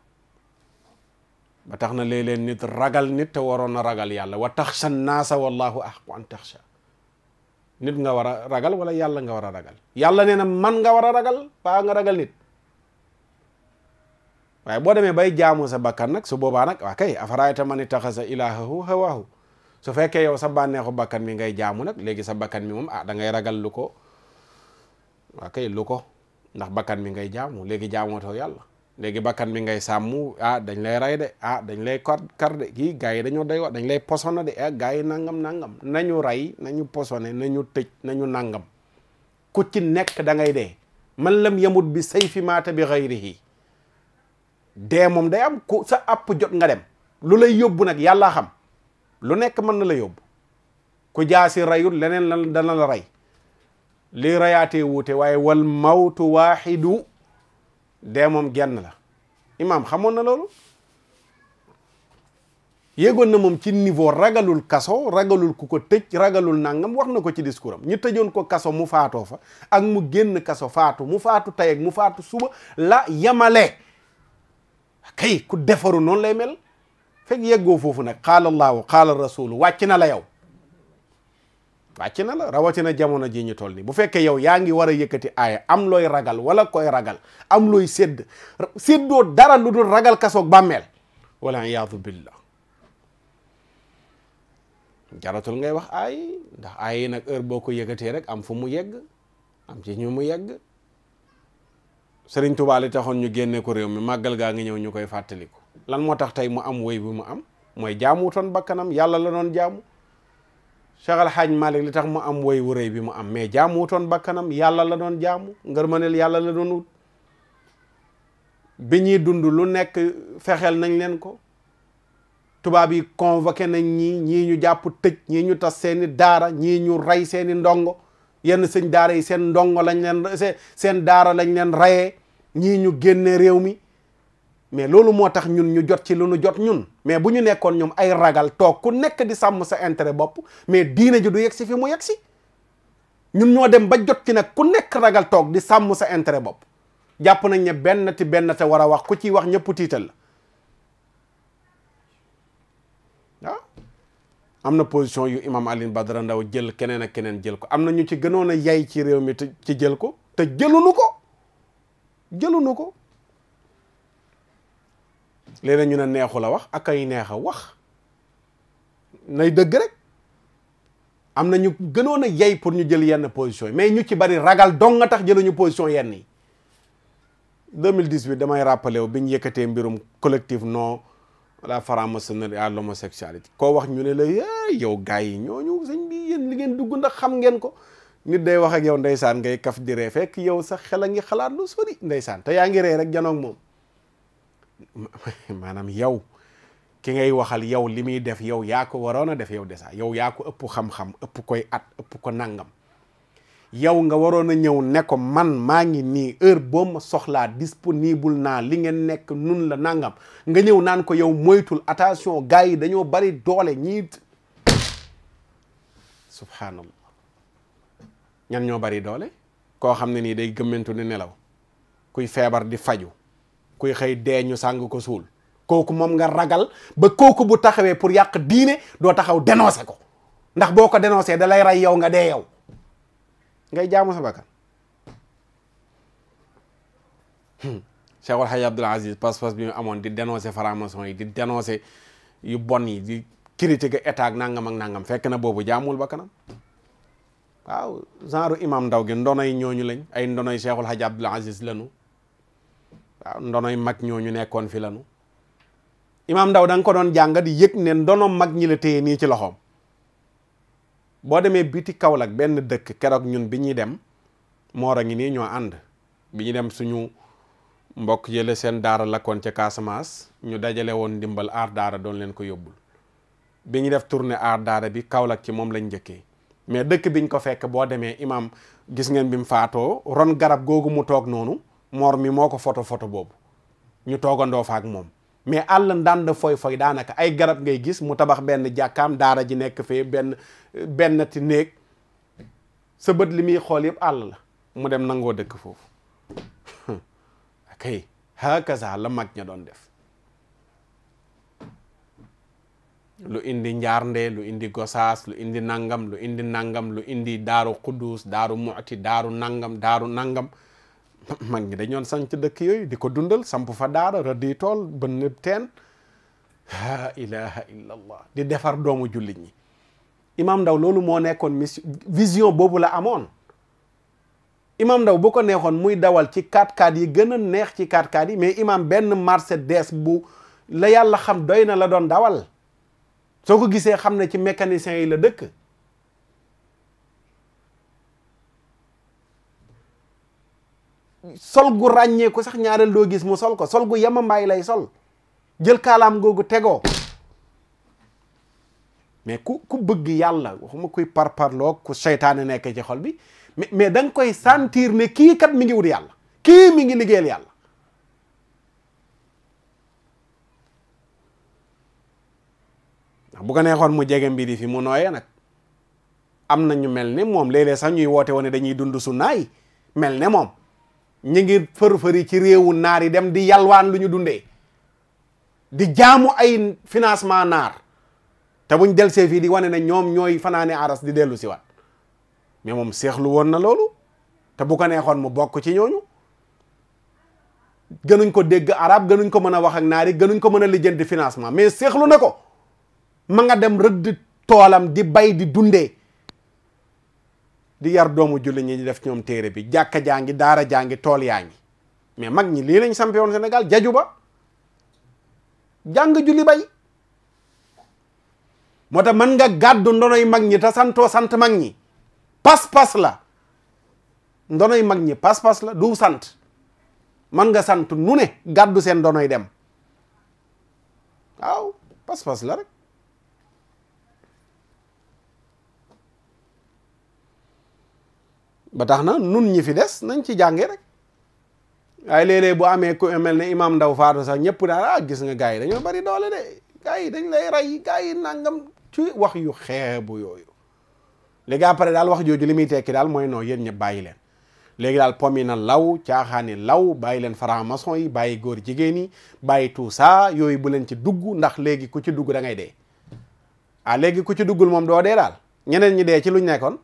ba tax na léeg nit ragal nit te waroon a ragal yàlla wa taxsha naasa wallahu ahqu an taxsha nit nga war a ragal wala yàlla nga war a ragal yàlla nee na man nga war a ragal baa nga ragal nit waaye boo demee bay jaamu sa bakkan nag su boobaa nag waa kay afaraayta man ittaxasa ilaahahu hawaahu su fekkee yow sa bànneexu bakkan mi ngay jaamu nag léegi sa bakkan mi moom ah da ngay ragal lu ko waa kay lu ndax bakkan mi ngay jaamu léegi jaamootoo yàlla léegi bakkan bi ngay sàmm ah dañ lay ray de ah dañ lay kar kar de kii gars yi dañoo doy wax lay posone de ah, gars yi nangam nangam nañu ray nañu posone nañu tëj nañu nangam ku ci nekk dangay de man lam yamut bi say fi maata bi xayrihi dee moom day am ku sa àpp jot nga dem lu lay yóbbu nag yàllaa xam lu nekk mën na la yóbbu ku jaasi rayut leneen lan dana la rey lii rayaatee wuute waaye wal mawtu waaxidu dee moom genn la imaam xamoon na loolu yéegoon na moom ci niveau ragalul kaso ragalul ku ko tëj ragalul nangam wax na ko ci discours am ñu tëjoon ko kaso mu faatoo fa ak mu genn kaso faatu mu faatu tey mu faatu suba la yamale kay ku defaru noonu lay mel fekk yeggoo foofu nag qaala allaahu qaala rasulu wàcc na la yow wàcc na la rawatina jamono ji ñu toll nii bu fekkee yaw yaa ngi war a yëkkati aaya am looy ragal wala koy ragal am looy sedd séddoo dara lu dul ragal kasoog bàmmeel wala iyaadu billah jaratul ngay wax ay ndax aay yi nag heure boo ko yëkkatee rek am fu mu yegg am ci ñu mu yegg Sëriñ Tuubaa taxoon ñu génne ko réew mi màggal gaa ngi ñëw ñu koy fàttaliku lan moo tax tey mu am woy bi mu am mooy jaamutoon bakkanam yàlla la doon jaamu Cheikh Al Hadj li tax mu am woy wu rëy bi mu am mais jaamu wutoon bakkanam yàlla la doon jaamu ngërmaneel yàlla la doon wut bi ñuy dund lu nekk fexeel nañ leen ko tubaab yi convoqué nañ ñii ñii ñu jàpp tëj ñii ñu tas seeni daara ñii ñu rey seeni ndongo yenn sëñ daara yi seen ndongo lañ leen seen daara lañ leen rayee ñii ñu génne réew mi mais loolu moo tax ñun ñu jot ci lu ñu jot ñun mais bu ñu nekkoon ñoom ay ragal toog ku nekk di sàmm sa intérêt bopp mais diine ji du yegg si fi mu yegg si ñun ñoo dem ba jot ci nag ku nekk ragal toog di sàmm sa intérêt bopp jàpp nañ ne benn ti benn te war a wax ku ciy wax ñëpp tiital la waaw am na position yu imam Alioune Badara ndaw jël keneen ak keneen jël ko am na ñu ci gënoon a yay ci réew mi ci jël ko te jëlunu ko jëlunu ko léeg-léeg ñu ne neexu la wax ak ay neex a wax nay dëgg rek am na ñu gënoon a yey pour ñu jël yenn position mais ñu ci bari ragal dong nga tax jëluñu position yenn yi 2018 damay rappelé wu bi ñu yëkkatee mbirum collectif non la franc-maçonnerie à l'homosexualité koo wax ñu ne la yow gars yi ñooñu sëñ bi yéen li ngeen dugg ndax xam ngeen ko nit day wax ak ndeysaan ngay kaf di ree fekk yow sax xel a ngi xalaat lu sori ndeysaan te yaa ngi ree rek janoog moom maanaam yow ki ngay waxal yow li muy def yow yaa ko waroon a def yow desaa yow yaa ko ëpp xam-xam ëpp koy at ëpp ko nangam yow nga waroon a ñëw ne man maa ngi nii heure boo ma soxlaa disponible naa li ngeen nekk nun la nangam nga ñëw naan ko yow moytul attention gars yi dañoo bari doole ñii subhanallah ñan ñoo bari doole koo xam ne nii day gëmmentu di nelaw kuy feebar di faju kuy xëy dee ñu sàng ko suul kooku moom nga ragal ba kooku bu taxawee pour yàq diine doo taxaw dénoncé ko ndax boo ko dénoncé da lay ray yow nga dee yow ngay jaamu sa bakkan hmm. Cheikh Alhaji Abdoul Aziz pas-pas bi mu amoon di dénoncé franc-maçon di dénoncé yu bon yi di critiquer état ak nangam ak nangam fekk na boobu jaamul bakkanam waaw genre imam ndaw gi ndonoy ñooñu lañ ay ndonoy Cheikh Alhaji Abdoul Aziz lañu waaw ah, ndonoy mag ñoo ñu nekkoon fi lanu imaam ndaw da ko doon jàngat di yëg ne ndono mag ñi la téye nii ci loxoom boo demee biti kawlak benn dëkk keroog ñun bi ñuy dem moor a ngi nii ñoo ànd bi ñu dem suñu mbokk yële seen daara lakkoon ca Casamance ñu dajale woon ndimbal aar daara doon leen ko yóbbul bi ñu def tournée aar daara bi Kaolack ci moom lañ njëkkee mais dëkk biñ ko fekk boo demee imaam gis ngeen bi mu faatoo ron garab googu mu toog noonu moor mi moo ko photo photo boobu ñu toogandoo fa moom mais àll ndànd foy foy daanaka ay garab ngay gis mu tabax benn jàkkaam daara ji nekk fee benn benn ti néeg sa bët li muy xool yëpp àll la mu dem nangoo dëkk foofu kay hakaza la mag ña doon def lu indi njaarnde lu indi gosaas lu indi nangam lu indi nangam lu indi daaru quddus daaru mu'ti daaru nangam daaru nangam mag ñi dañoon sanc dëkk yooyu di ko dundal samp fa daara rëddi tool bënn teen la ilaha illa di defar doomu jullit ñi imam ndaw loolu moo nekkoon mission boobu la amoon imam ndaw bu ko neexoon muy dawal ci 4 x yi gën a neex ci 4 x yi mais imam benn Mercedes bu la yàlla xam doy na la doon dawal soo ko gisee xam ne ci mécanicien yi la dëkk sol gu ràññee ko sax ñaareel doo gis mu sol ko sol gu yamambaay lay sol jël kaalaam googu tegoo mais ku ku bëgg yàlla waxuma kuy parparloo ku seytaane nekk ci xol bi mais danga koy sentir ne kii kat mi ngi wut yàlla kii mi ngi liggéeyal yàlla ndax bu ko neexoon mu jege mbir yi fi mu nooyee nag am na ñu mel ni moom léeg sax ñuy woote woon dañuy dund su naay mel ni moom ñu ngi fër-fëri ci réewu naar yi dem di yalwaan lu ñu dundee di jaamu ay financement naar te buñ delsee fii di wane ne ñoom ñooy fanaane aras di dellu si waat mais moom seexlu woon na loolu te bu ko neexoon mu bokk ci ñooñu gënuñ ko dégg arab gënuñ ko mën a wax ak naar yi ko mën a lijjanti financement mais seexlu na ko ma nga dem rëdd toolam di bay di dundee di yar doomu julli ñi di def ñoom téere bi jàkka jaa ngi daara jaa tool yaa ngi mais mag ñi lii lañ sampé woon senegal jaju ba jàng julli bay moo tax man nga gàddu ndonoy mag ñi ta santoo sant mag ñi pas-pas la ndonoy mag ñi pas-pas la du sant mën nga sant nu ne gàddu seen ndonoy dem aw pas-pas la rek ba tax na nun ñi fi des nañ ci jànge rek waaye léeg bu amee ku mel ne imam ndaw faatu sax ñëpp daal ah gis nga gars yi dañoo bari doole de gars dañ lay rey gars nangam ci wax yu xeebu yooyu léegi après daal wax jooju li muy tekki daal mooy noo yéen ñëpp bàyyi leen léegi daal pom yi na law caaxaani law bàyyi leen franc-maçon yi bàyyi góor jigéen yi bàyyi tout yooyu bu leen ci dugg ndax léegi ku ci dugg dangay ngay dee ah léegi ku ci duggul moom doo dee daal ñeneen ñi dee ci luñ nekkoon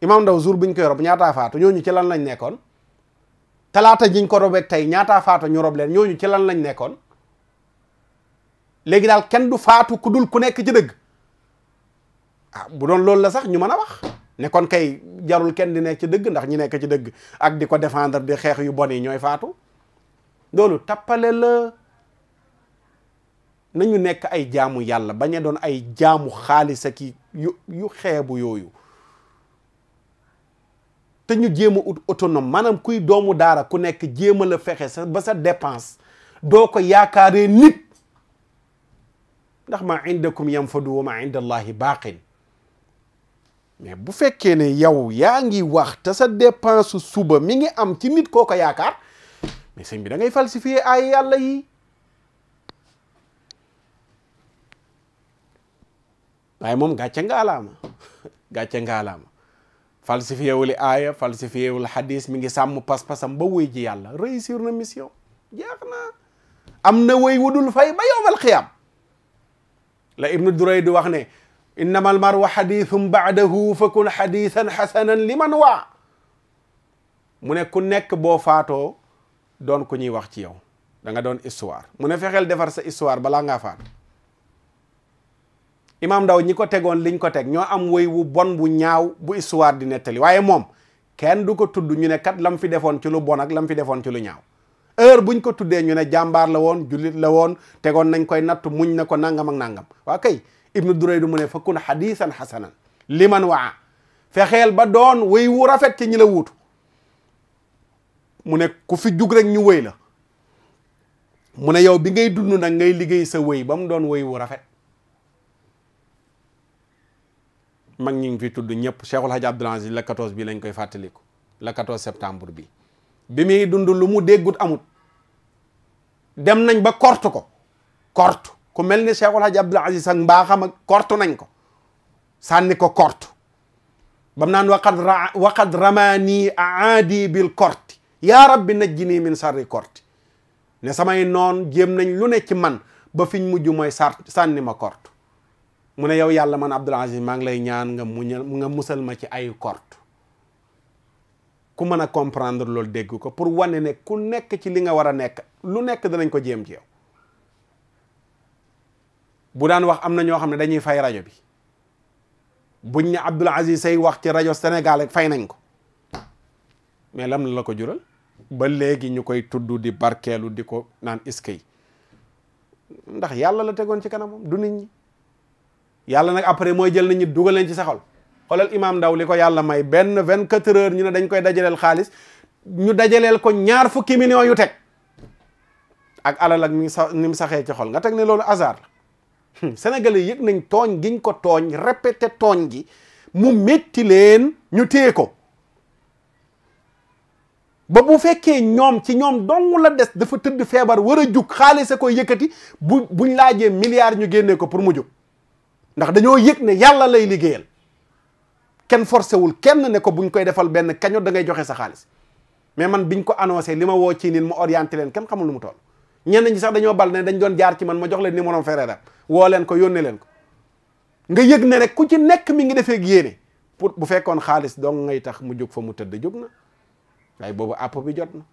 imam ndaw bu biñ koy rob ñaataa faatu ñooñu ci lan lañ nekkoon talaata jiñ ko robeeg tey ñaataa faato ñu rob leen ñooñu ci lan lañ nekkoon léegi daal kenn du faatu ku dul ku nekk ci dëgg ah bu doon loolu la sax ñu mën a wax ne kon kay jarul kenn di nekk ci dëgg ndax ñu nekk ci dëgg ak di ko défendre di xeex yu bon yi ñooy faatu loolu tappale la nañu nekk ay jaamu yàlla bañ doon ay jaamu xaalis ak yu xeebu yooyu te ñu jéem a ut autonome maanaam kuy doomu daara ku nekk jéem a la fexe sa ba sa dépense doo ko yaakaaree nit ndax ma indakum yanfadu wa ma inda allahi baaqin mais bu fekkee ne yow yaa ngi wax te sa dépense suba mi ngi am ci nit koo ko yaakaar mais sëñ bi da ngay falsifier ay yàlla yi waaye moom gàcce ngaalaama gàcce ngaalaama falsifié wul aaya falsifié wul xadis mi ngi sàmm pas-pasam ba wuy ji yàlla réussir na mission jeex na am na way wudul fay ba yowmal xiyaam la ibnu duray di wax ne innama wa xadithum baadahu fa kun xadisan xasanan liman waa mu ne ku nekk boo faatoo doon ku ñuy wax ci yow danga doon histoire mu ne fexeel defar sa histoire balaa ngaa faatu imaam Ndaw ñi ko tegoon liñ ko teg am woy wu bon bu ñaaw bu histoire di nettali waaye moom kenn du ko tudd ñu ne kat lam fi defoon ci lu bon ak lam fi defoon ci lu ñaaw heure buñ ko tuddee ñu ne jàmbaar la woon jullit la woon tegoon nañ koy natt muñ na ko nangam ak nangam waa kay ibnu Duraydu mu ne fakkun hadisan hasanan liman waa fexeel ba doon wéy wu rafet ci ñi la wuutu mu ne ku fi jug rek ñu wéy la mu ne yow bi ngay dund nag ngay liggéey sa wéy ba mu doon woy wu rafet mag ñi ngi fi tudd ñëpp Cheikhul Hadj Abdoul Aziz la 14 bi lañ koy fàttaliku la 14 septembre bi bi muy dund lu mu déggut amut dem nañ ba korte ko korte ku mel ni Cheikhul Hadj Abdoul Aziz ak mbaaxam ak korte nañ ko sànni ko korte bam naan waqad ra waqad ramani aadi bil korte yaa rabbi najjini min sarri korte ne samay noon jéem nañ lu ne ci man ba fiñ mujj mooy sàr sànni ma korte mu ne yow yàlla man Abdul Aziz maa ngi lay ñaan nga muñal nga musal ma ci ayu kort ku mën a comprendre loolu dégg ko pour wane ne ku nekk ci li nga war a nekk lu nekk danañ ko jéem ci yow bu daan wax am na ñoo xam ne dañuy fay rajo bi buñ ne Abdul Aziz say wax ci rajo Sénégal fay nañ ko mais lam la ko jural ba léegi ñu koy tudd di barkeelu di ko naan iskay ndax yàlla la tegoon ci kanamam du nit ñi yàlla nag après mooy jël nañu dugal leen ci sa xol xoolal imaam ndaw li ko yàlla may benn vingt quatre heures ñu ne dañ koy dajaleel xaalis ñu dajaleel ko ñaar fukki million yu teg ak alal ak ni sa saxee ci nga teg ne loolu hasard la hmm, sénégalais yëg nañ tooñ giñ ko tooñ répété tooñ gi mu métti leen ñu téye ko ba bu fekkee ñoom ci ñoom dong la des dafa tëdd feebar war a jug xaalis a koy yëkkati bu buñ laajee milliards ñu génnee ko pour mu jug ndax dañoo yëg ne yàlla lay liggéeyal kenn forcé wul kenn ne ko buñ koy defal benn kaño da ngay joxe sa xaalis mais man biñ ko annoncé li ma woo ci nin mu orienté leen kenn xamul lu mu toll ñenn ñi sax dañoo bal ne dañ doon jaar ci man ma jox leen numéro Ferreira woo leen ko yónnee leen ko nga yëg ne rek ku ci nekk mi ngi defee yéene pour bu fekkoon xaalis dong ngay tax mu jóg fa mu tëdd jóg na waaye boobu àpp bi jot na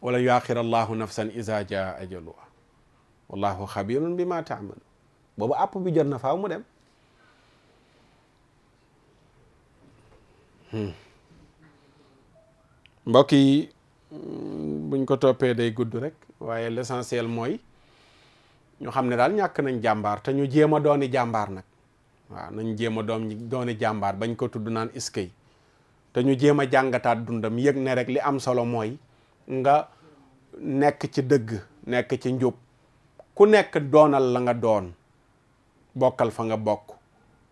wala yuaxir allahu nafsan isa jaa ajaluha wallahu xabirun bi ma taamalu boobu àpp bi jot na faaw mu dem hmm. mbokk yi mm, buñ ko toppee day gudd rek waaye l'essentiel mooy ñu xam ne daal ñàkk nañ jàmbaar te ñu jéem a dooni jàmbaar nag waaw nañ jéem a doom dooni jàmbaar bañ ko tudd naan iskay te ñu jéem a jàngataat dundam yëg ne rek li am solo mooy nga nekk ci dëgg nekk ci njub ku nekk doonal la nga doon bokkal fa nga bokk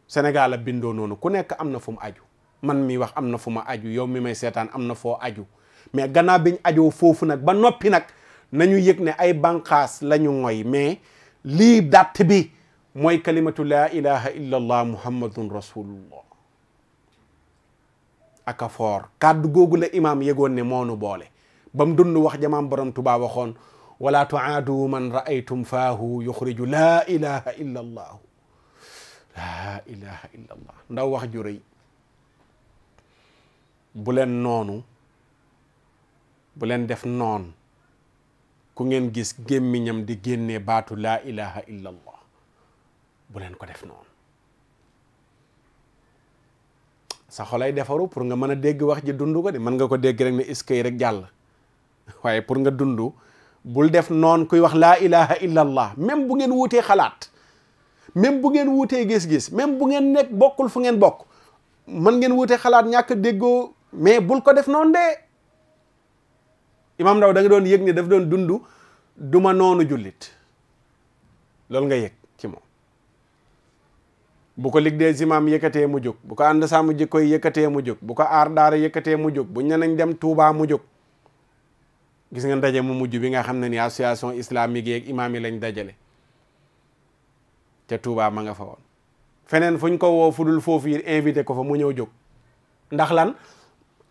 Sénégal bindoo noonu ku nekk am na fu mu aju man mi wax am na fu ma aju yow mi may seetaan am na foo aju mais gannaaw biñ ajoo foofu nag ba noppi nag nañu yëg ne ay banqaas lañu ñu ngoy mais lii dàtt bi mooy kalimatu laa ilaha illa allah muhammadun rasulullah aka foor kàddu googu la imaam yëgoon ne moonu boole ba dunnu wax jamaam borom tubaa waxoon wala tuaadu man raaytum faahu yuxriju laa ilaha illa allahu laa ilaha illa ndaw wax ju rëy bu leen noonu bu leen def noon ku ngeen gis gémmiñam di génnee baatu laa ilaha illa bu leen ko def noon sa xolay defaru pour nga mën a dégg wax ji dund ko de mën nga ko dégg rek ne iskay rek jàll waaye pour nga dund bul def noon kuy wax laa ilaha illa allah même bu ngeen wutee xalaat même bu ngeen wuutee gis-gis même bu ngeen nekk bokkul fu ngeen bokk mën ngeen wuutee xalaat ñàkk déggoo mais bul ko def noonu de imam ndaw da doon yëg ne def doon dundu du ma noonu jullit loolu nga yëg ci moom bu ko Ligue des imams yëkkatee mu jóg bu ko ànd sàmm jikko yi yëkkatee mu jóg bu ko aar daara yëkkatee mu jóg buñ ne dem Touba mu jóg gis nga ndaje mu mujj bi nga xam ne ni association islamique yeeg imam yi lañ dajale ca Touba ma nga fa woon feneen fuñ ko woo fudul foofu yi invité ko fa mu ñëw jóg ndax lan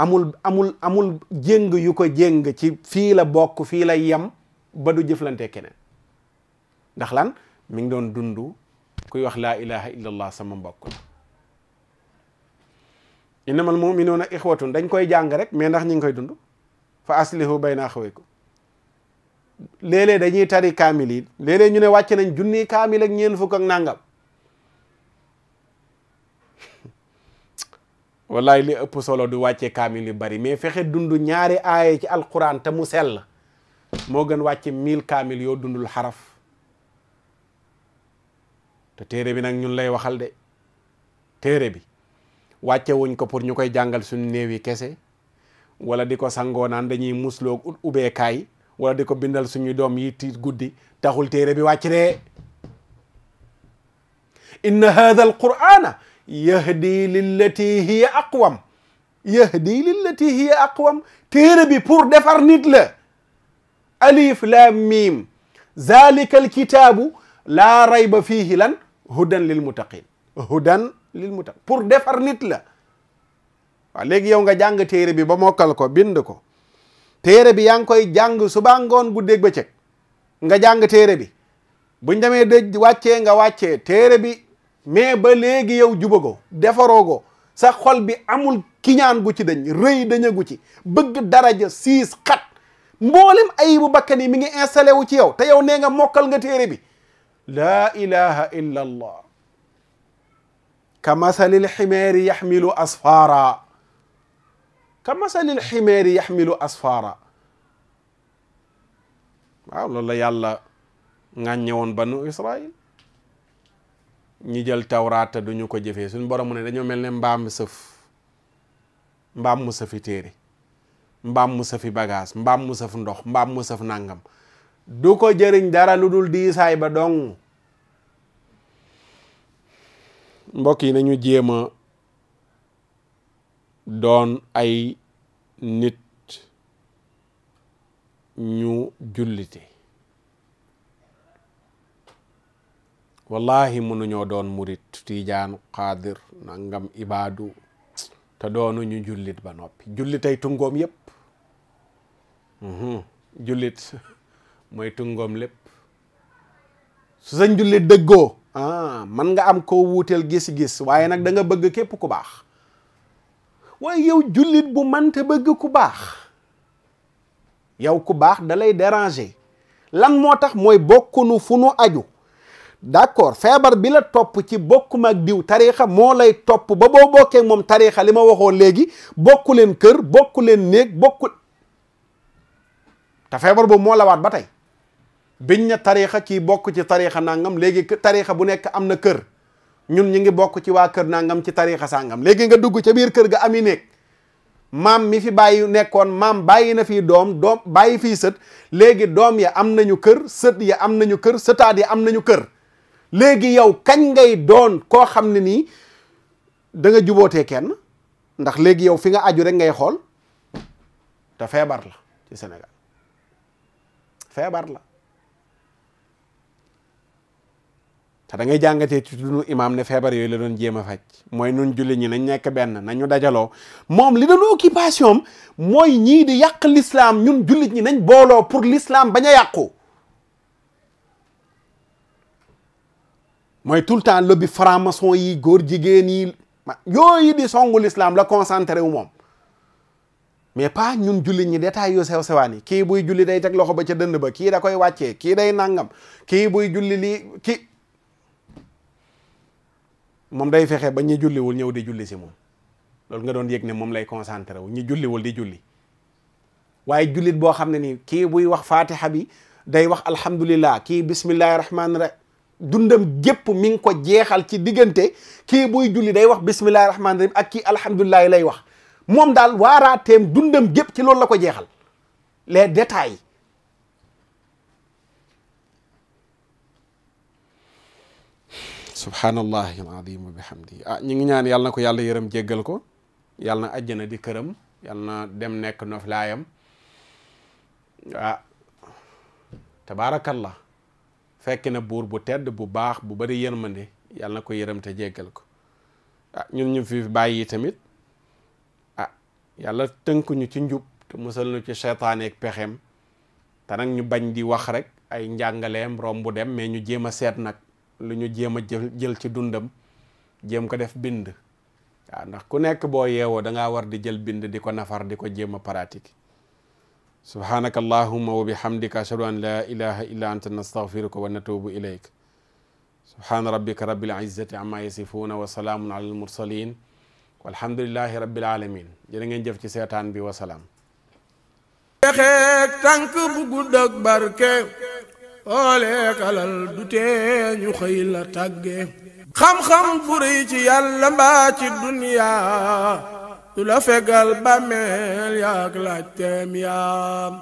amul amul amul jéng yu ko jéng ci fii la bokk fii la yem ba du jëflante keneen ndax lan mi ngi doon dund kuy wax laa ilaha illallah sama mbokk la innamal muminuuna ixwatun dañ koy jàng rek mais ndax ñu ngi koy dund fa aslihu bayna ko léeg-léeg dañuy tari kaamil yi léeg-léeg ñu ne wàcc nañ junni kaamil ak ñeent fukk ak nangam wallaay li ëpp solo du wàcce kaamil yu bari mais fexe dund ñaari aaye ci alquran te mu sell moo gën wàcce mille kaamil yoo dundul xaraf te téere bi nag ñun lay waxal de téere bi wàcce wuñ ko pour ñu koy jàngal suñu néew yi kese wala di ko sangoo naan dañuy musloo ubbeekaay wala di ko bindal suñu doom yi guddi taxul téere bi wàcc de inna hadha alqur'ana yahdi lillati hiya aqwam yahdi bi pour defar nit la alif lam mim zalika alkitabu rayba fihi lan hudan lil muttaqin hudan lil muttaqin pour defar nit la waaw yow nga jàng téere bi ba mokkal ko bind ko téere bi yaa ngi koy jàng suba ngoon guddeeg bëccëg nga jàng téere bi bu demee da wàccee nga wàccee téere bi mais ba léegi yow jubago defarogo sa xol bi amul kiñaan gu ci dañ rëy daña gu ci bëgg daraja siis xat mboolem ayibu bakkan yi mi ngi installé wu ci yow te yow nee nga mokkal nga téere bi laa ilaha illa allah ka masalil ximeeri yaxmilu asfara ka masalil ximeeri yaxmilu asfaara waaw loolu yàlla ŋàññe ñëwoon banu israil ñi jël tawraata duñu ko jëfee suñ borom ne dañoo mel ne mbaam sëf mbaam mu sëfi téere mbaam mu sëfi bagage mbaam mu sëf ndox mbaam mu sëf nàngam du ko jëriñ dara lu dul diisaay ba dong mbokk yi nañu jéema doon ay nit ñu jullite wallahi mënuñoo doon murit tiijaan xaadir nangam ibaadu te doonu ñu jullit ba noppi jullitay tungoom yépp mhm. jullit mooy tungoom lépp su sañ jullit dëggoo ah man nga am ko wuuteel gis-gis waaye nag danga nga bëgg képp ku baax waay yow jullit bu mante bëgg ku baax yow ku baax da lay déranger lan moo tax mooy bokkunu fu nu aju d'accord feebar bi la topp ci bokkum ak diw tariixa moo lay topp ba boo bokkee moom tariixa li ma waxoo léegi bokku leen kër bokku leen néeg bokku te feebar boobu moo la waat ba tey biñ na tariixa kii bokk ci tariixa nangam léegi tariixa bu nekk am na kër ñun ñu ngi bokk ci waa kër nangam ci tariixa sàngam léegi nga dugg ca biir kër ga ami néeg maam mi fi bàyyi nekkoon maam bàyyi na fii doom doom bàyyi fii sët léegi doom ya am nañu kër sët ya am nañu kër sëtaat ya am nañu kër léegi yow kañ ngay doon koo xam ne nii da nga jubootee kenn ndax léegi yow fi nga aju rek ngay xool te feebar la ci Sénégal feebar la te da ngay jàngatee ci dunu imaam ne feebar yooyu la doon jéem a faj mooy nun julli ñi nañ nekk benn nañu dajaloo moom li doon occupation am mooy ñii di yàq lislaam ñun jullit ñi nañ booloo pour l'islam bañ a yàqu mooy tout le temps lobby franc-maçon yi góor jigéen yi yooyu di songu lislaam la concentré wu moom mais pas ñun jullit ñi détail yu sew sewaan yi kii buy julli day teg loxo ba ca dënd ba kii da koy wàccee kii day nangam kii buy julli moom day fexe ba ñi julliwul ñëw di julli si moom loolu nga doon yëg ne moom lay concentré wu ñi julliwul di julli waaye jullit boo xam ne ni kii buy wax fatiha bi day wax alhamdulillah kii bismillahi rahmaani rahim dundam gépp mi ngi ko jeexal ci diggante kii buy julli day wax bismillahi rahmaani rahim ak kii alhamdulilah lay wax moom daal waaraateem dundam gépp ci loolu la ko jeexal les détails subhaanallahi alazim wa bihamdi ah ñu ngi ñaan yàlla na ko yàlla yërëm jéggal ko yàlla na àjjana di këram yal na dem nekk noflaayam ah tabaarakallah fekk na buur bu tedd bu baax bu bari yërmande yàlla na ko yërëm te jéggal ko ah ñun ñu fi bàyyi tamit ah yàlla tënkuñu ci njub te musal nu ci seytaane ak pexeem te nag ñu bañ di wax rek ay njàngaleem rombu dem mee ñu jéem a seet nag lu ñu jéem a jël jël ci dundam jéem ko def bind waaw ndax ku nekk boo yeewoo dangaa war di jël bind di ko nafar di ko jéem a pratique subhanaka allahumma wa bihamdika ashhadu an la ilaha illa anta nastaghfiruka wa natubu ilayk subhana rabbika rabbil izzati amma yasifuna wa salaamun ala al mursalin walhamdulillahi rabbil alamin jërë ngeen jëf ci seetaan bi wa salaam. xeex tànk bu gudd oolee kalal du tee ñu xëy xam-xam bu rëy yàlla mbaa ci duniyaa du la fegal bàmmeel yaak laaj teem yaam